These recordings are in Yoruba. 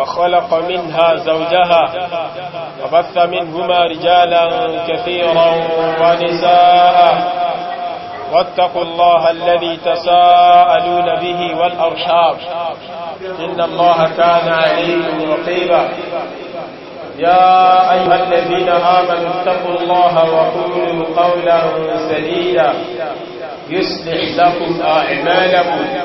وخلق منها زوجها وبث منهما رجالا كثيرا ونساء واتقوا الله الذي تساءلون به والأرشاب إن الله كان عليم رقيبا يا أيها الذين آمنوا اتقوا الله وقولوا قولا سديدا يصلح لكم أعمالكم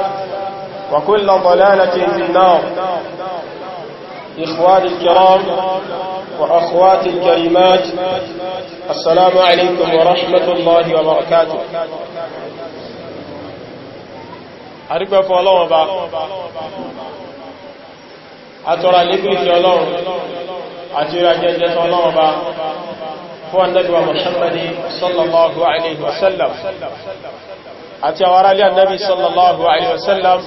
وكل ضلالة في النار إخواني الكرام وأخواتي الكريمات السلام عليكم ورحمة الله وبركاته أرجو فالله با أترى لكم الله أترى جزة الله با هو النبي محمد صلى الله عليه وسلم àti àwọn aráàlẹ́ annabi sallallahu alaihi wasallam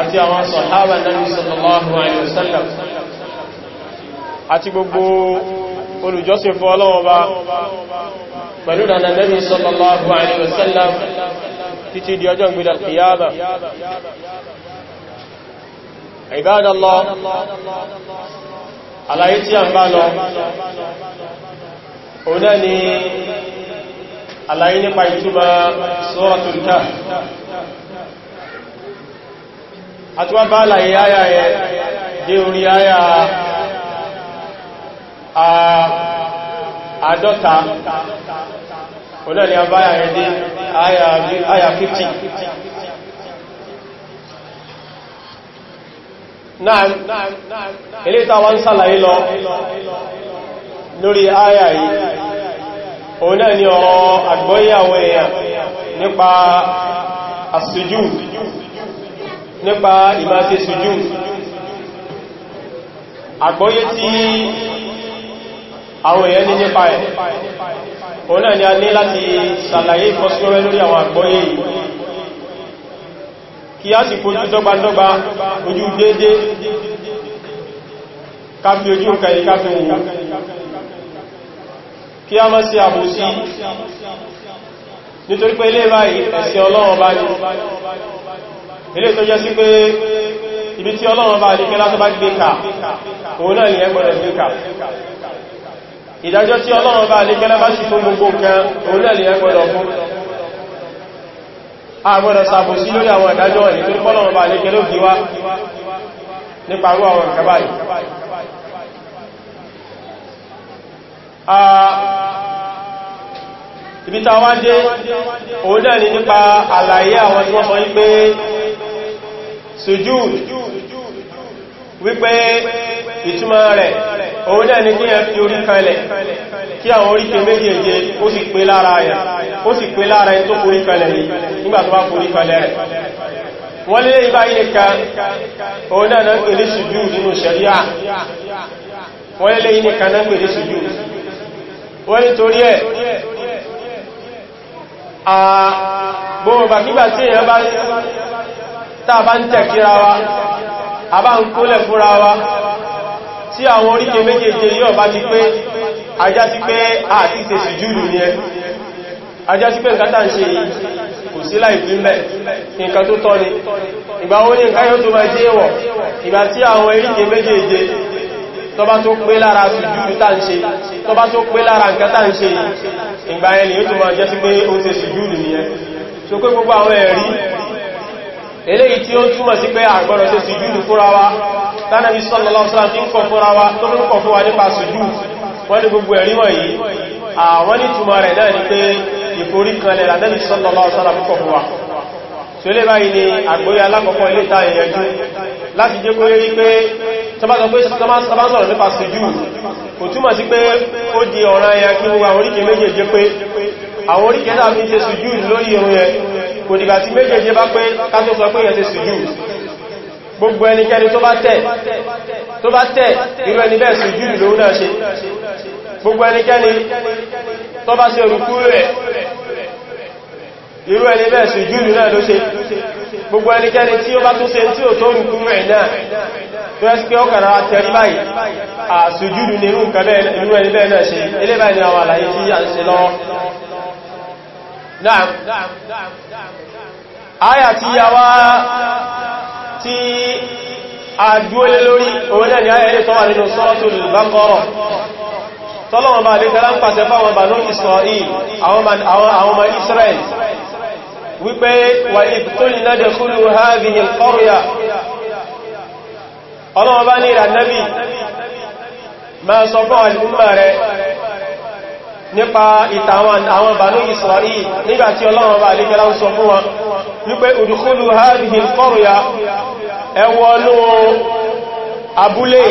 àti àwọn sahaba annabi sallallahu alaihi wasallam àti gbogbo olùjọ́sìn fún Ọlọ́hun pẹ̀lú ìlànà annabi sallallahu alaihi wasallam títí di ọjọ́ ìgbìdà kìyàbà ibadallah àlàyé tí a ń bá lọ àlàyé nípa ìtumọ̀ Suratul Kahf àtúwà bá àlàyé ayà yẹ dé orí ayà àádọ́ta ọ̀nà ni a bá ayà dé ayà 50 náà ilé ìtawà ń sàlàyé lọ lórí ayà yìí òun náà ni ọ̀rọ̀ àgbọ́yé àwọn èèyàn nípa àṣíjú nípa ìmáṣe ṣíjú àgbọ́yé tí àwọn èèyàn ní nípa ẹ̀ òun náà ni a ní láti ṣàlàyé ìfọ́síwẹ́wẹ́ lórí àwọn àgbọ́yé yìí kí a sì fojú dọ́gbadọ́gba ojú déédé ká fi ojú nǹkan ìkáfẹ́ ìwò kí a máa sí àbòsí nítorí pé ilé báyìí ẹ̀sẹ̀ ọlọ́run bá ní ilé tó jẹ́ sí pé ibi tí ọlọ́run bá ní kẹ́lá tó bá gbé ká òun náà ni ẹgbẹ̀rẹ̀ gbé ká ìdájọ́ tí ọlọ́run bá ní kẹ́lá bá sì fún gbogbo kan òun náà ni ẹgbẹ̀rẹ̀ fún ìbíta wá dé òun náà ni nípa àlàyé àwọn tí wọ́n sọ wípé sùjú wípé ìtumọ̀ rẹ̀ òun náà ni kí ẹ fi orí kanlẹ̀ kí àwọn oríkè méjèèje ó sì pé lára ẹ̀ ó sì pé lára ẹ̀ tó forí kanlẹ̀ yìí nígbà tó bá forí kanlẹ̀ rẹ̀ wọ́n lé ibá yìí kan òun náà náà pè nínú ṣẹ̀ríà wọ́n lé ibá yìí kan náà pè ní sùjú wọ́n ni torí ẹ̀ gbogbo bàkígbà tí èyàn bá tàbá ń tẹ̀kíra wa àbá ń kólẹ̀ fúnra wa tí àwọn oríkè méjèèjì yóò bá ti pé ajá sí pé àti tèsì júlù ni ẹ ajá sí pé nǹkan tàà ń ṣe kò sí láìpín mẹ́ nǹkan tó tọ́ ni ìgbà ó ní nǹkan yóò tó máa jẹ́ wọ̀ ìgbà tí àwọn oríkè méjèèjì tọba tó pé lára sùjúdù tàà ń ṣe tọba tó pé lára nǹkan tàà ń ṣe ìgbà ẹni yóò tó máa jẹ́ sí pé ó ṣe sùjúdù nìyẹn so pé gbogbo àwọn ẹ̀rí eléyìí tí ó túmọ̀ sí pé àgbọ̀rọ̀ ṣe sùjúdù fúnra wa tánàbí sallallahu alaihi wasallam tí ń kọ fúnra wa tó ń kọ fún wa nípa sùjúdù wọ́n ní gbogbo ẹ̀rí wọ̀nyí àwọn nítumọ̀ rẹ̀ náà ni pé ìforí kan lẹ́la tánàbí sallallahu alaihi wasallam wa tí ó báyìí ni àgbóyé alákọ̀ọ́kọ́ ilé ta ìyẹnjú láti jẹ́ kó rí pé sábásọ̀rọ̀ nípa sùjú kò túmọ̀ sí pé ó di ọ̀ràn ẹ̀yà kí wọ́n oríkè méjèèjì pé àwọn oríkè náà fi ṣe sùjú lórí irun yẹn kò dìgbà tí méjèèjì bá pé kátó sọ pé yẹn ṣe sùjú gbogbo ẹnikẹ́ni tó bá tẹ̀ orùkú rẹ̀ irú ẹni bẹ́ẹ̀ sí júlù náà ló ṣe gbogbo ẹnikẹ́ni tí ó bá tó ṣe tí ó tó rùkú rẹ̀ náà tó ẹ́ sí pé ọkàrà tẹ̀rí báyìí àṣùjúlù ní irú ẹni bẹ́ẹ̀ náà ṣe ilé báyìí ni àwọn àlàyé tí a ń ṣe lọ àyà tí a wá tí a dúólé lórí òun náà ni àyà ilé tọ́wà nínú Suratul Baqara tọ́lọ́wọ́n bá lè tẹ́lá ń pàṣẹ fáwọn Banu Israel àwọn ọmọ Israel wípé wà ìtòlìnà dẹ̀kúlù hādhihi al-qarya ọlọ́wọ́ bá ní ìrànlẹ́bì ma sọ fún alìmúmà rẹ̀ nípa ìtàwọn àwọn Banu Isra'il nígbàtí ọlọ́wọ́ bá lè kẹ́lá ń sọ fún wọn wípé udkhulu hādhihi al-qarya ẹ wọnú abúlé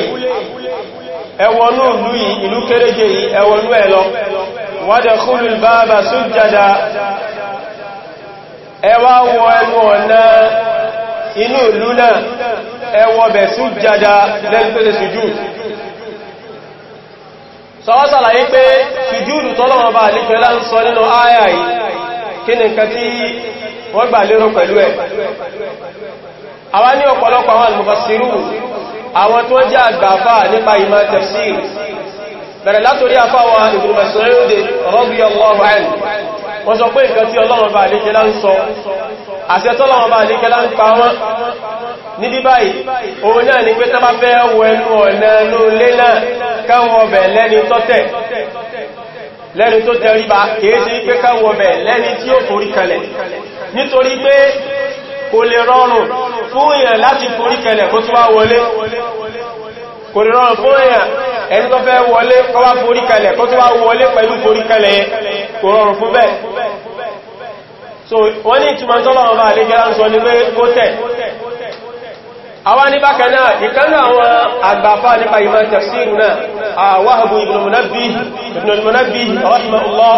ẹ ẹwà wọ ẹnu ọ̀nà inú ìlú náà ẹwọ bẹ̀ sún jada lẹ́gbẹ̀rẹ̀ sujúd sọ́wọ́ sàlàyé pé sujúdù tọ́lọ́wọ́ bá alìkẹ́lá ń sọ nínú àyà yìí kí ni nǹkan tí wọ́n gbà lérò pẹ̀lú ẹ̀ àwa ní ọ̀pọ̀lọpọ̀ àwọn alìmọ̀fàsírù àwọn tó jẹ́ bẹ̀rẹ̀ látorí afáwa Ibn Mas'ud radiyallahu anhu wọ́n sọ pé nǹkan tí Ọlọ́run bá àlékẹ́lá ń sọ àṣẹ tọ́lọ́run bá àlékẹ́lá ń pa wọ́n níbi báyìí òun náà ni pé tán bá fẹ́ wọ ẹnu ọ̀nà ẹnu lé náà káwọn ọbẹ̀ lẹ́ni tọ́tẹ̀ lẹ́ni tó tẹríba kìí sí pé káwọn ọbẹ̀ lẹ́ni tí ó forí kalẹ̀ nítorí pé kò lè rọrùn fún èèyàn láti forí kalẹ̀ kó tó wá wọlé kò lè rọrùn fún èèyàn ẹni tó fẹ́ wọlé kó wá forí kalẹ̀ kó tó wá wọlé pẹ̀lú forí kalẹ̀ kò rọrùn fún bẹ́ẹ̀ so wọ́n ní ìtumọ̀ tọ́lọ́wọ́n bá lè gẹ́rà ń sọ ní pé kó tẹ̀ àwọn ní bákanáà ìkanú àwọn àgbàfà nípa ìmọ̀ tafsiru náà àwáhàbù ibn al-Munabbi rahimahullah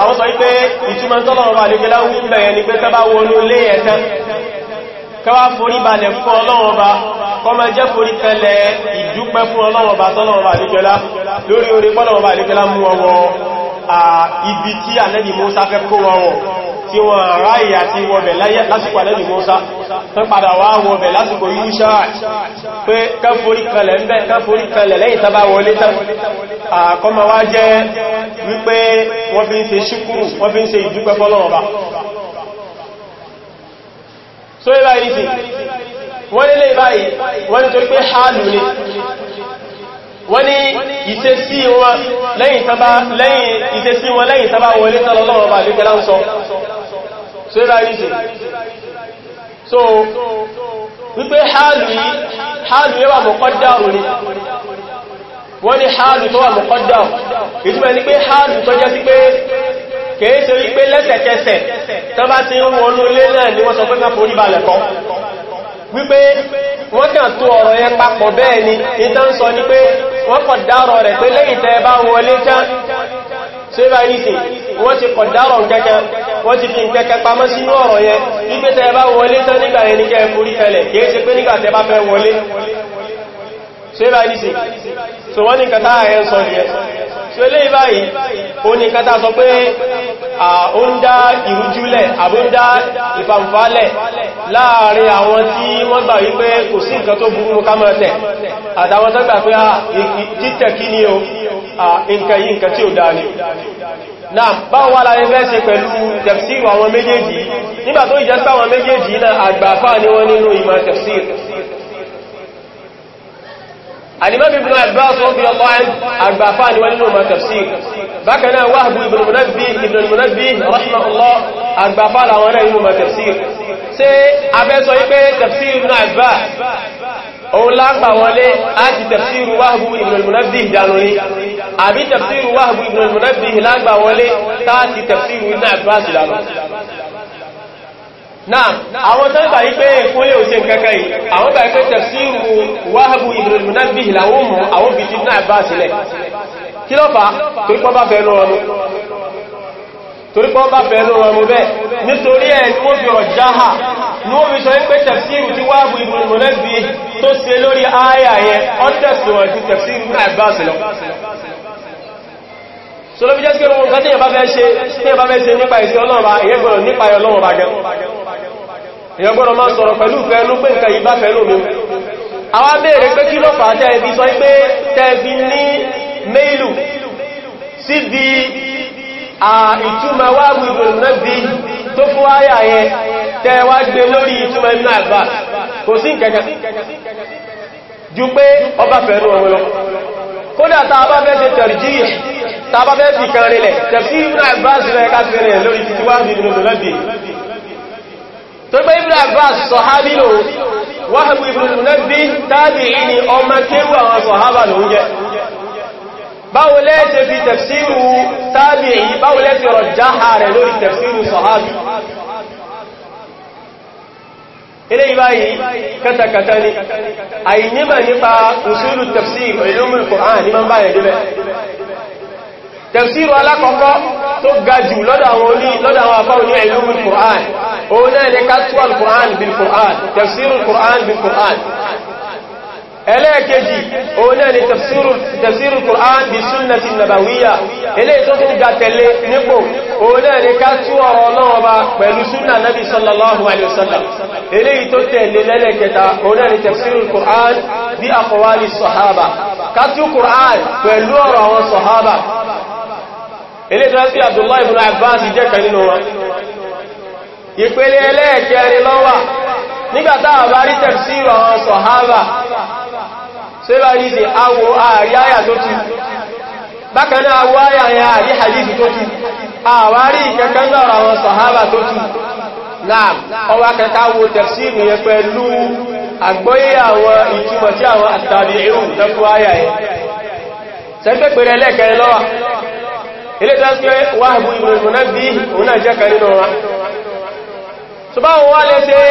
àwọn sọ pé ìtumọ̀ tọ́lọ́wọ́n bá lè gẹ́rà ń bẹ̀yẹ ni pé tẹ́bá wọnú lé ẹ̀tẹ́ kẹwàá forí kọmọ jẹ́ forí tẹ́lẹ̀ ìdúpẹ́ fún ọlọ́run bá tọ́lọ́run bá níjọlá lórí orí pọ́lọ́run bá níjọlá mú ọwọ́ ibi tí ànẹ́bì Mùsá fẹ́ kó wọn wọ̀ tí wọ́n ráyè àti wọ̀bẹ̀ lásìkò ànẹ́bì Mùsá tán padà wá wọ̀bẹ̀ lásìkò Yúṣà pé kán forí kalẹ̀ ń bẹ̀ kán forí kalẹ̀ lẹ́yìn tán bá wọlé tán àkọ́mọ wá jẹ́ wípé wọ́n fi ń ṣe ṣúkúrù wọ́n fi ń ṣe ìdúpẹ́ fọ́lọ́run bá so ẹ bá rí sí wọ́n nílé báyìí wọ́n ní torí pé hálù ni wọ́n ní ìṣesí wọn lẹ́yìn tàbá wọlé tàbá bá lè gẹ́lá ń sọ so ẹ báyìí sí so wípé hálù yìí hálù yẹ́wà mọ̀kọ́dá òní wọ́n ní hálù tó wà mọ̀kọ́dá ìtumẹ̀ ní pé hálù tó jẹ́ sí pé wípé lẹ́sẹ̀kẹsẹ̀ tán bá ti ń wọnú ilé náà ni wọ́n sọ pé ká forí balẹ̀ kọ́ wípé wọ́n kàn tó ọ̀rọ̀ yẹn papọ̀ bẹ́ẹ̀ ni ìtàn sọ ní pé wọ́n kọ̀ dárọ̀ rẹ̀ pé lẹ́yìn tẹ́ bá wọlé tán ṣe bá ní sí wọ́n ti kọ̀ dárọ̀ kẹ́kẹ́ wọ́n ti fi kẹ́kẹ́ pamọ́ sínú ọ̀rọ̀ yẹn wípé tẹ́ bá wọlé tán nígbà yẹn ní kẹ́ forí kẹlẹ̀ kìí ṣe pé nígbà tẹ́ bá fẹ́ wọlé ṣe so eléyìí báyìí ó ní kátà sọ pé ó ń dá ìrújúlẹ̀ àbó ń dá ìfàmfàálẹ̀ láàrin àwọn tí wọ́n gbà wípé kò sí nǹkan tó burú ká máa tẹ̀ àtàwọn tó gbà pé títẹ̀ kí ni o nǹkan yìí nǹkan tí ó dá ní náà báwọn wà láyé fẹ́ pẹ̀lú tẹ̀fsíìrù àwọn méjèèjì nígbà tó ìjẹ́sí àwọn méjèèjì náà àgbàfà ni wọ́n nínú ìmọ̀ tẹ̀fsíìrù الإمام ابن عباس رضي الله عنه أربعفان ولنهما تفسير بكنا وهب ابن المنبه ابن المنبه رحمه الله أربعفان ولنهما تفسير سي أبي صحيح تفسير ابن عباس òun lápà wọlé láti tafsiru wáhùbù ibn al-munabbih ìdánulé àbí tafsiru wáhùbù ibn al-munabbih lágbà wọlé táàtì tafsiru ibn abbas ìdánulé náà àwọn tó ń gbà wípé ìkúnlẹ̀ òṣè kankan yìí àwọn gbà wípé tafsiru Wahbu ibn al-Munabbih làwọn mú àwọn bìtì náà bá sílẹ̀ kí lọ́fà torípọ́ bá fẹ́ lọ́rọ̀ mú torípọ́ bá fẹ́ lọ́rọ̀ mú bẹ́ẹ̀ nítorí ẹ̀ ní fi ọjá hà ní wọ́n fi sọ pé tafsiru tí Wahbu ibn al-Munabbih tó ṣe lórí ááyà yẹn ọ́ntẹ̀sùwọ̀n ti náà bá sílẹ̀ èyàn gbọ́nà máa sọ̀rọ̀ pẹ̀lú fẹ́lú pé nǹkan ìbá fẹ́lú mi àwọn béèrè pé kí lọ́fà tẹ́ẹ̀bí sọ pé tẹ́ẹ̀bí ní mẹ́ìlù sí bí ìtumọ̀ wà wùgbò nẹ́bí tó fún àyà yẹ tẹ́ẹ̀wà gbé lórí ìtumọ̀ náà gbà kò sí kẹ̀kẹ́ ju pé ọba fẹ́lú ọmọ lọ kódà tàà bá fẹ́ ṣe tẹ̀rìjíyà tàà bá fẹ́ fi kan rinlẹ̀ tẹ̀fí ìrìnà ìbáṣìlẹ̀ káṣìlẹ̀ lórí títí wá ní ìrìnà lọ́dí tó pé ibn abbas sọ̀hábí lò wáhàbù ibn al-munabbi tàbí ìní ọmọ kéwà àwọn sọ̀hábà ló ń jẹ́ báwo lẹ́ẹ̀ṣẹ́ fi tafsiru tàbí èyí báwo lẹ́ẹ̀ṣẹ́ rọ̀ jáhà rẹ̀ lórí tafsiru sọ̀hábí ilé ìbáyìí kẹtàkẹtà ni àìnímà nípa usulu tafsir ulumul Qur'an ní máa alákọ̀ọ́kọ́ tó ga jù lọ́dọ̀ àwọn afáwọn ní ulumul Qur'an òun náà ni ká tú al-Qur'an bil-Qur'an tafsirul Qur'an bil-Qur'an ẹlẹ́ẹ̀kejì òun náà ni tafsirul Qur'an bí sunnati nabawiyya ilé tó tún ga tẹ̀lé nípò òun náà ni ká tú ọ̀rọ̀ náà bá pẹ̀lú súnnà nabi sallallahu alaihi wasallam ilé tó tẹ̀lé lẹ́lẹ́kẹta òun náà ni tafsirul Qur'an ìpele ẹlẹ́ẹ̀kẹrin lọ́wà nígbàtá àbárí tafsir àwọn sọ̀hábà ṣe bá ní ṣe awò ààrí àyà tó ti awò àyà ya àrí hadisi tó ti àwárí ìkẹ́kẹ́ lọ́rọ̀ àwọn tó ti láàm ọwá kẹta wo tafsir yẹ awa òun náà jẹ́ tó bá wọ́n wá lè ṣe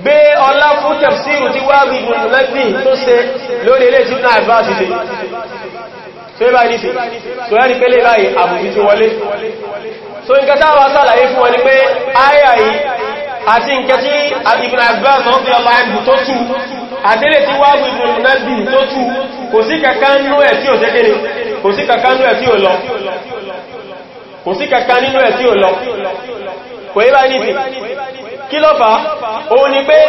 gbé ọlá fún tẹ̀síru tí wá wí ìrùnlẹ́gbì tó ṣe lórí ilé tí náà bá ti ṣe tó yẹ́ bá ní sí tó yẹ́ ni pé lè láì àbùkù ti wọlé so nǹkan táwà sàlàyé fún wọn ni pé ayà yìí àti nǹkan tí Ibn Abbas ọ̀pọ̀lọpọ̀ ẹgbù tó tú àdílé tí wá wí ìrùnlẹ́gbì tó tú kò sí kankan nú ẹ̀ tí ò tẹ́kẹ́ni kò ẹ̀ tí ò lọ kò yí bá ní sí kí ló fà òun ni pé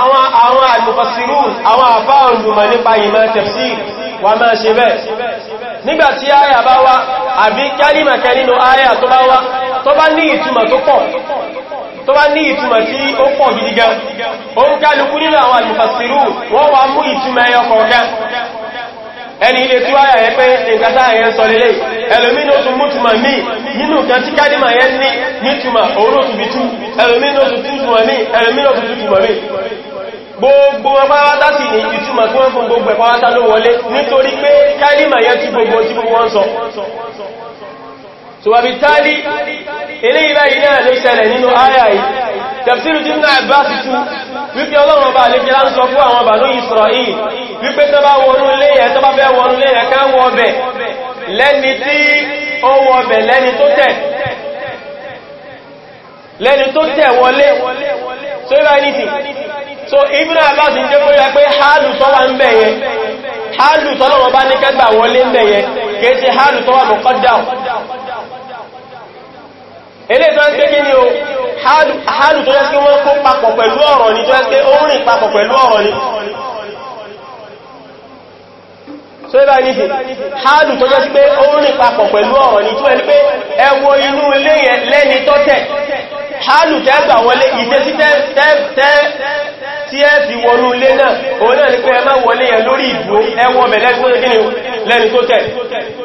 àwọn àwọn àlùfàsírù àwọn àfá olùmọ̀ nípa ìmọ̀ tafsir wà máa ṣe bẹ́ẹ̀ nígbàtí àyà bá wá àbí kálìmọ̀kẹ́ nínú àyà tó bá wá tó bá ní ìtumọ̀ tó pọ̀ tó bá ní ìtumọ̀ tí ó pọ̀ gidi gan òun kálukú nínú àwọn àlùfàsírù wọ́n wá mú ìtumọ̀ ẹyọ ẹni ilé tí wáyà yẹ pé ìkàtà ẹ̀yẹn sọ lélẹ̀ ẹlòmínú oṣù mútùmà mí nínú kan tí kálìmà yẹn ní nítùmà òórùn òtùbìtú ẹlòmínú oṣù tútùmà mí ẹlòmínú oṣù tútùmà mí gbogbo ọpáwátá sì ní ìtumà tí wọ́n fún gbogbo ẹ̀páwátá ló wọlé nítorí pé kálìmà yẹn tí gbogbo tí so wa bitali eléyìí báyìí náà ló ṣẹlẹ̀ nínú àyà yìí tafsir ibn Abbas tú wípé ọlọ́run ọba lè fi láń sọ fún àwọn Banu Isra'il wípé tó bá wọnú ilé yẹn tó bá fẹ́ wọnú ilé yẹn ká wọ ọbẹ̀ lẹ́ni tí ó wọ ọbẹ̀ lẹ́ni tó tẹ̀ lẹ́ni tó tẹ̀ wọlé so ibà ní ti so ibn Abbas ń jẹ́ kóyà pé hálù tó wà ń bẹ̀ yẹn hálù tọ́lọ́run ọba ní kẹgbà wọlé ń bẹ̀ yẹn kìí ṣe hálù tó wà mọ́kọ́dáwọ̀ ilé tó ń pé kí ni o hálù tó jẹ́ wọ́n kó papọ̀ pẹ̀lú ọ̀rọ̀ ni tó jẹ́ pé ó rìn papọ̀ pẹ̀lú ọ̀rọ̀ ni so ibá ní hálù tó jẹ́ pé ó rìn papọ̀ pẹ̀lú ọ̀rọ̀ ni tó ẹni pé ẹ wo inú ilé yẹn lẹ́ni tọ́tẹ̀ hálù tẹ́gbà wọlé ìtẹ́sí tí ẹ fi wọnú ilé náà òun náà ni pé ẹ má wọlé yẹn lórí ìbò ẹwọ mẹ́lẹ́gbẹ́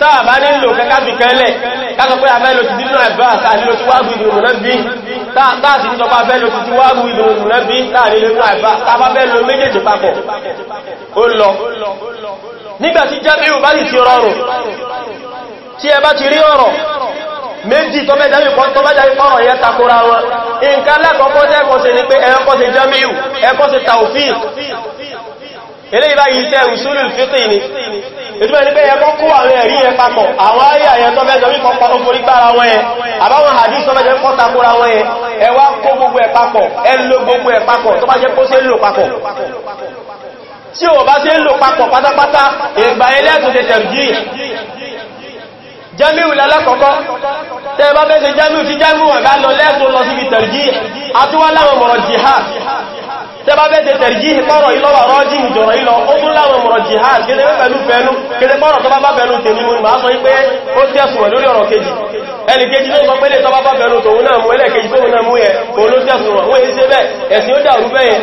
táà bá nílò kẹkàtù kẹlẹ̀ kásọ pé abẹ́lò ti dínú ẹ̀bá àtàlélò tí wágùn ìdòrò náà bí táà sí sọpá abẹ́lò ti wágùn ìdòrò náà bí táàlélò náà ẹ̀bá tábábẹ́lò méjèèjì papọ̀ ó lọ nígbàtí jábíù bá sì ti rọrùn tí ẹ bá ti rí ọ̀rọ̀ méjì tó mẹ́jà yìí pọ́n tó mẹ́jà yìí pọ́rọ̀ yẹ takora wọn nǹkan lẹ́kọ̀ọ́kọ́ tẹ́kọ́ ṣe ní pé ẹ̀kọ́ ṣe jámíù ẹ̀kọ́ ṣe tàòfíì eléyìí báyìí iṣẹ́ usulul fiqh ni ìtumẹ̀ ní pé ẹkọ́ kó àwọn ẹ̀rí ẹ papọ̀ àwọn ayé àyẹn tó mẹ́jọ wípọ̀ pọ̀ tó forí gbára wọn ẹ àbáwọn hadith tó mẹ́jọ pọ̀ takora wọn ẹ ẹ wá kó gbogbo ẹ papọ̀ ẹ lò gbogbo ẹ papọ̀ tó bá jẹ́ kó ṣe lò papọ̀ tí ò bá ṣe lò papọ̀ pátápátá ìgbà ẹlẹ́tù tẹ̀ tẹ̀rùjí jamiu lẹ́lẹ́kọ̀ọ́kọ́ tẹ́ bá bẹ́ ṣe jamiu tí jamiu ọ̀gá lọ lẹ́tù lọ síbi tẹ̀rùjí àtúwọ́láwọn mọ̀rọ̀ jihad tẹba bẹ́ ṣe tẹ̀rìjí pọ́rọ̀ ìlọ́wà rọ́jí ìjọ̀rọ̀ ìlọ ó tún láwọn mọ̀rọ̀ jihad kéde pẹ̀lú fẹ́lú kéde pọ́rọ̀ tọba bá fẹ́lú tèmi mú ma sọ wípé ó tẹ́sùn lórí ọ̀rọ̀ kejì ẹni kejì tó sọ pé lè tọba bá fẹ́lú tòun náà mú ẹlẹ́kejì tóun náà mú yẹ òun ló tẹ́sùn wọn wọ́n ṣe bẹ́ẹ̀ ẹ̀sìn ó dàrú bẹ́ẹ̀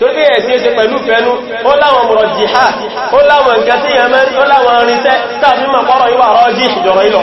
tó bí ẹ̀sìn ẹ̀sẹ̀ pẹ̀lú fẹ́lú ó láwọn mọ̀rọ̀ jihad ó láwọn nǹkan tí yẹn ó láwọn rinṣẹ́ tàbí mọ̀ pọ́rọ̀ ìwà rọ́jí ìjọ̀rọ̀ ìlọ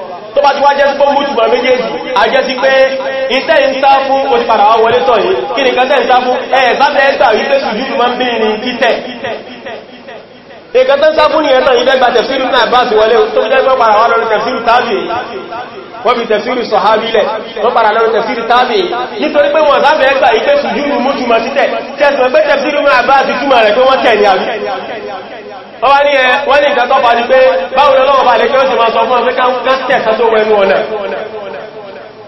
tó bá ti wá jẹ́ sí pọ́n mútùgbà méjèèjì a jẹ́ sí pé ìtẹ́ ìta fún òtìpàdà wá wọlé tọ̀ yìí kí ni kẹtẹ́ ìta fún ẹ̀ẹ́sàtẹ́ ẹ̀ẹ́sà wípé sùjúdù máa ń bí ní títẹ̀ ìkẹtẹ́ ìta fún ní ẹ̀nà ìdẹ́gbà tẹ̀síru náà bá sí wọlé tó jẹ́ pẹ́ wọ́n fi tẹ̀síìrì sọ̀hábí lẹ̀ wọ́n padà lọ́rọ̀ tẹ̀síìrì tábì nítorí pé wọ́n sáfẹ́ ẹgbà ìpé sùjúrù mú túnmà títẹ̀ tẹ́sùn pé tẹ̀síìrì mú àbá àti túnmà rẹ̀ pé wọ́n tẹ̀ ní àbí wọ́n ní ẹ eh, wọ́n ní ìgbà tọ́pa ní pé báwọn ọlọ́wọ́ bá lè kí ó sì máa sọ fún ọmọ ká tẹ̀sán tó wẹnu ọ̀nà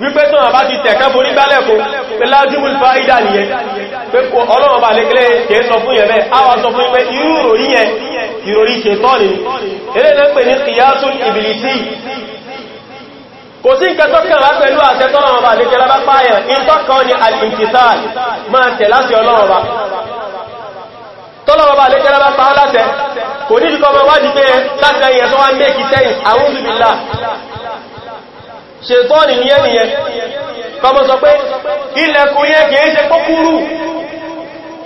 wípé tó àbá ti tẹ̀kẹ́ borí gbálẹ̀kùn pé lájúmùl fáídà nìyẹn pé ọlọ́wọ́ bá lè kí é sọ fún yẹ̀mẹ́ àwọn sọ fún ipẹ́ irú ìròrí yẹn ìròrí ṣètọ́ ni eré lẹ́pẹ̀ ní kìyásùn ìbìlìsí kò sí nǹkan tó kàn wá pẹ̀lú àṣẹ tọ́lọ́run ọba àdékẹ́ lábá páyàn ìtọ́kan ni al-imtisal máa tẹ̀ láti ọlọ́run ọba tọ́lọ́run ọba àdékẹ́ lábá pa á láṣẹ kò ní ìdíkọ́ ọmọ wádìí pé láti ẹyẹ tó wá ń méjì sẹ́yìn àwọn olùbìlà ṣètọ́ọ̀nì nìyẹn nìyẹn kọmọ sọ pé ilẹ̀kùn yẹn kìí ṣe pókúrú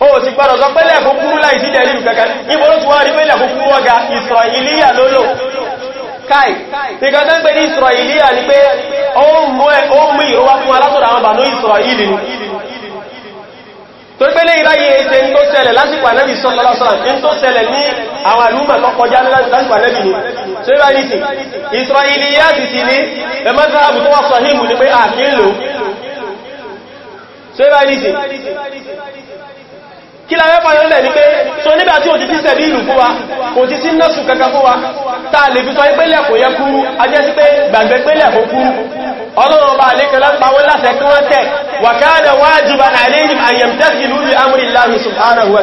ó ti gbọ́dọ̀ sọ pẹ́lẹ̀ fún kúrú láì sí dẹ̀lú kankan ìbòrò tí wọ́n rí pẹ́lẹ̀ fún kúrú ọgá ìsọ̀ìlíyà lólò káì nìkan tán pé ní ìsọ̀ìlíyà ni pé ó mú ìrọwà fún alásọ̀rọ̀ àwọn bànú ìsọ̀ìlì ni tó pẹ́lẹ̀ ìráyé ẹsẹ̀ tó ṣẹlẹ̀ lásìkò Ànábì sọ́lọ́sọ́lọ́ tó ṣẹlẹ̀ ní àwọn àlúmà tó kọjá lásìkò Ànábì ni tó yíra ní sí ìsọ̀ìlíyà ti ti ní ẹmọ́ta àbùtọ́wọ́ sọ hìmù ní pé àkílò tó yíra ní sí kí la mẹ́fà yọ́ lẹ̀ ní pé so nígbà tí ò ti sí sẹ̀bí ìlú fún wa kò ti sí nọ́sù kankan fún wa ta lè fi sọ ìpínlẹ̀ kò yẹ kúrú ajẹ́ sí pé gbàgbé ìpínlẹ̀ kò kúrú ọlọ́run bá lẹ́kẹ̀ lápawọ́ láṣẹ kí wọ́n tẹ̀ wà káàdà wájìbà àlẹ́yìn àyẹ̀mtẹ́sì lórí amúrìláhì subhanahu wa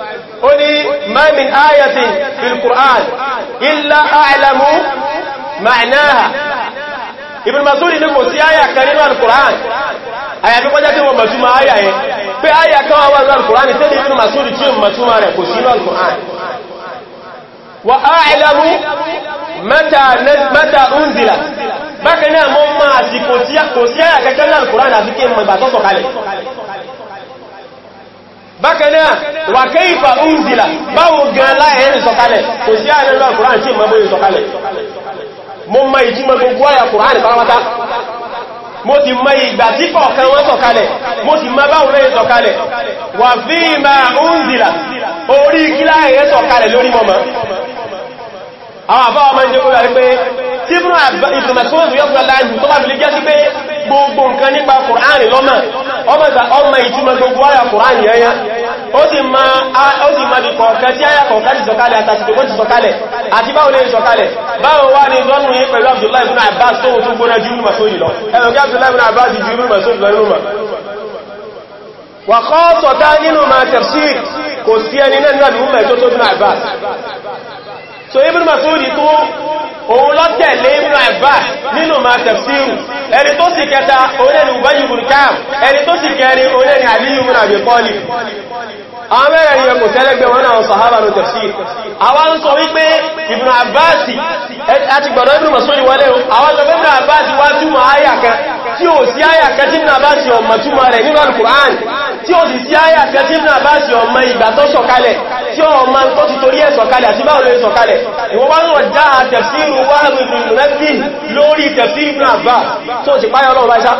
ó ní ma min ayatin fil Qur'an illa a'lamu ma'naha Ibn Mas'ud ní kò sí àyà kan nínú al-Qur'an àyàfi kọjá tí wọ́n mọ̀túnmà àyà yẹn pé àyà kan wà nínú al-Qur'an ní tẹ́lẹ̀ Ibn Mas'ud tí ó mọ̀túnmà rẹ̀ kò sí nínú mọ́ máa sì kò sí àyà kẹ́kẹ́ náà al àti kí mọ̀ ìgbà tọ́sọ̀ kalẹ̀ bákanáà wà kayfa unzila báwo gan láẹ̀ẹ́rìn sọ̀kalẹ̀ kò sí àìrẹ́lọ́ Kùránì tí ìmọ̀ bóyí sọ̀kalẹ̀ mo mọ ìjímọ̀ gbogbo àyà Kùránì pátápátá mo ti mọ ìgbà tí kọ̀ọ̀kan wọn sọ̀kalẹ̀ mo ti mọ báwọn lẹ́yìn sọ̀kalẹ̀ wà fima unzila orí kíláyẹ̀ sọ̀kalẹ̀ lórí mọ́mọ́ àwọn àbáwọn máa ń jẹ́ kó yàrí pé tí fún ìtùmẹ̀sùnmẹ̀sùn yọ́ gbọ́lá ìlú tó bá fi lè jẹ́ sí pé gbogbo nǹkan nípa kùránì lọ́mà ọmọ ìtumọ̀ gbogbo àyà kùránì ẹyá ó sì máa bí kọ̀ọ̀kan tí àyà kọ̀ọ̀kan ti sọ̀kalẹ̀ àtàtìkò kó ti sọ̀kalẹ̀ àti báwo lè sọ̀kalẹ̀ báwo wá ní ìdọ́nù so Ibn Mas'ud tó òun lọ tẹ̀lé Ibn Abbas nínú ma tafsiru ẹni tó sì kẹta orílẹ̀-èdè Ubayy ibn Ka'b ẹni tó sì kẹrin orílẹ̀-èdè Ali ibn Abi Talib àwọn mẹ́rẹ̀ ni ẹkùn tẹ́lẹ́gbẹ̀ wọn àwọn sàhábà ní tafsir àwọn ń sọ wípé Ibn Abbas àti gbọ̀dọ̀ Ibn Mas'ud wọlé àwọn sọ Ibn Abbas wá túmọ̀ áyà kan tí ó sí àyà kẹtíbìnà bá sí ọmọ túnmọ̀ rẹ̀ nínú Al-Qur'an tí ó sì sí àyà kẹtíbìnà bá sí ọmọ ìgbà tó sọ̀kalẹ̀ tí ó ọmọ tó ti torí ẹ̀ sọ̀kalẹ̀ àti báwọn lórí sọ̀kalẹ̀ ìwọ́n wá ń rọ̀ já tafsiru Wahb ibn Munabbih lórí tafsir Ibn Abbas tó ti páyọ́ lọ́wọ́ báyá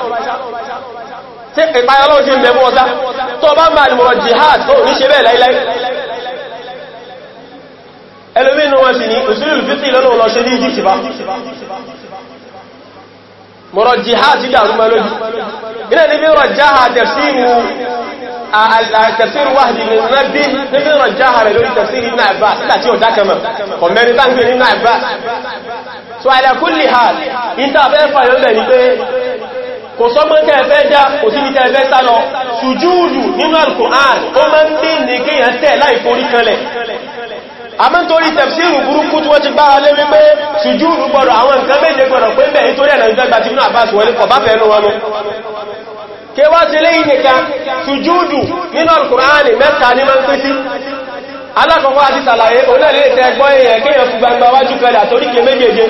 tí ìpáyọ́ lọ́wọ́ ti ń bẹ̀mú ọ̀tá tó bá ń bá àlùmọ̀rọ̀ jihad tó ní ṣe bẹ́ẹ̀ láíláí ẹlòmínú wọn sì ní òṣèlú fítì lọ́nà ọlọ́ṣẹ́ ní Egypt bá mọ̀rọ̀ jihad dàrú mọ́ lójú ilẹ̀ níbi rọ̀ jáhà tafsir wahdi ní rẹ́bí níbi rọ̀ jáhà rẹ̀ lórí tafsir ibn àbá títàtí ò dákẹmọ̀ kọ̀mẹ́rin bá ń gbé nínú àbá so ala kulli hal ìta fẹ́ fàyọ́ bẹ̀ ní pé kò àmọ́ nítorí tẹ̀fsíìrù burúkú tí wọ́n ti gbára lé wípé sùjúùdù gbọ́dọ̀ àwọn nǹkan méje gbọ́dọ̀ pé bẹ̀ nítorí ẹ̀nà ìgbẹ́gbà tí Ibn Abbas wọlé kọ̀ bá fẹ́ ẹnu wọn kéwá sí léyìn nìkan sùjúùdù nínú Al-Qur'ani mẹ́ta ní máa ń pín sí alákọ̀ọ́kọ́ àti sàlàyé onílẹ̀ tẹ gbọ́ èèyàn kéèyàn fi gbangba wájú kan àtoríkè méjèèje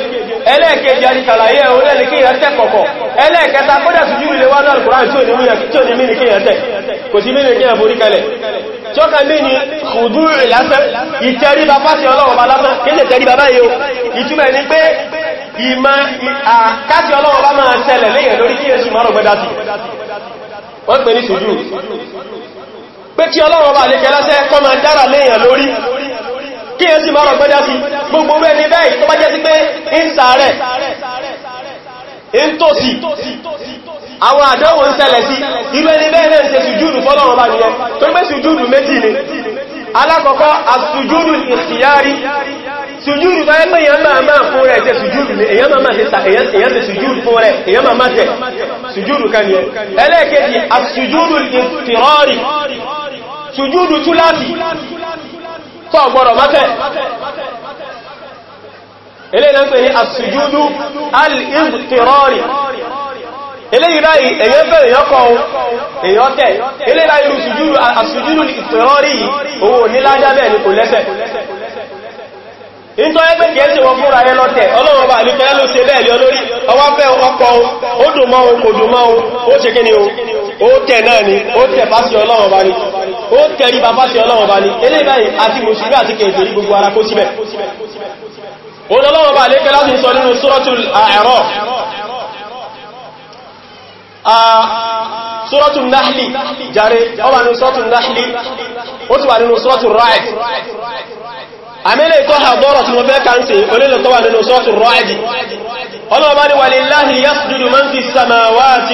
ẹlẹ́ẹ̀kejì àti sàlàyé onílẹ̀ kéèyàn tẹ kọ̀kọ̀ ẹlẹ́ẹ̀kẹta kódà tọ́ka mí ni ṣùgbú ìlásán ìtẹ́rí bàbá sí ọlọ́wọ̀ bá lásán kéèsè tẹ́rí bàbá yíò ìtumẹ̀ ní pé ìmá àkáti ọlọ́wọ̀ bá máa ṣẹlẹ̀ léyẹ̀ lórí kí èsù márùn gbẹ́dá sí wọ́n pè ní ṣùgbú pé kí ọlọ́wọ̀ bá lè kẹlẹ́sẹ́ kọ́ máa dára léyẹ̀ lórí kí èsù márùn gbẹ́dá sí gbogbo rẹ̀ ní bẹ́ẹ̀ tó bá jẹ́ sí pé ń sàárẹ̀ ń tòsí àwọn àdánwò ń ṣẹlẹ̀ sí irú ẹni bẹ́ẹ̀ ṣe sùjúdù fọ́lọ́run bá nìyẹn tó gbé sùjúdù méjì ni alákọ̀ọ́kọ́ àsùjúdù ìkhtiyari sùjúdù tó ẹgbẹ́ èyàn máa máa fún rẹ̀ jẹ sùjúdù ní èyàn máa ṣe èyàn ṣe sùjúdù fún rẹ̀ èyàn máa máa jẹ sùjúdù kẹni ẹlẹ́ẹ̀kejì àsùjúdù ìfìrọ́rì sùjúdù túláàsì al-ìfìrọ́rì eléyìí báyìí èyàn fẹ́ èyàn kọ ohun èyàn tẹ̀ eléyìí báyìí lùsùjúrù àsùjúrù ìfẹ̀rọ́rí owó nílájá bẹ́ẹ̀ ni kò lẹ́sẹ̀ ìntọ́ ẹgbẹ́ kẹsì wọn fúnra rẹ lọ́tẹ̀ ọlọ́run bá lè fẹ́ ló ṣe bẹ́ẹ̀ lọ lórí ọwá fẹ́ ọkọ̀ ó dùn ohun kò dùn ohun ó ṣe kí ni ohun ó tẹ̀ náà ni ó tẹ̀ fásí ọlọ́run bá ní ó tẹ̀rí bá fásí ọlọ́run bá ní eléyìí báyìí àti mùsùlùmí àti kèèkèé gbogbo ara kó síbẹ̀ olọ́run suratul nahli jare ó wà ní suratul nahli ó ti wà nínú suratul ra'd àmìlẹ̀ ìtọ́ àgbọ́rọ̀ tí wọ́n fẹ́ ká ń se olílẹ̀ tó wà nínú suratul ra'd ọlọ́ọ̀bá ni walillahi yasjudu man fi samawati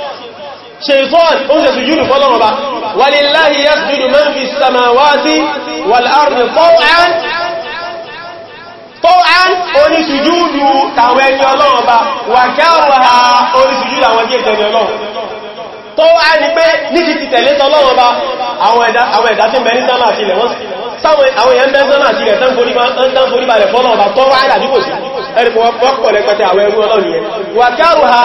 ṣeìtọ́n ó ṣe sùjúdù fọ́lọ́run ọba walillahi yasjudu man fi samawati wal ardi taw'an taw'an oní sùjúdù tàwọn ẹni ọlọ́run ọba wà káwàá oní sùjúdù àwọn ẹgbẹ́ ìtẹ̀lẹ̀ ọlọ́run taw'an ni pé ní ti ti tẹ̀lé tọ́lọ́run ọba àwọn ẹ̀dá tí ń bẹ ní sánà àti ilẹ̀ wọ́n sáwọn èèyàn bẹ́ sánà àti ilẹ̀ tán ẹ̀rìpọ̀ pọ́pọ̀ lẹ́pẹ̀tẹ̀ àwọn ẹrú ọlọ́run yẹn wà kẹ́rù ha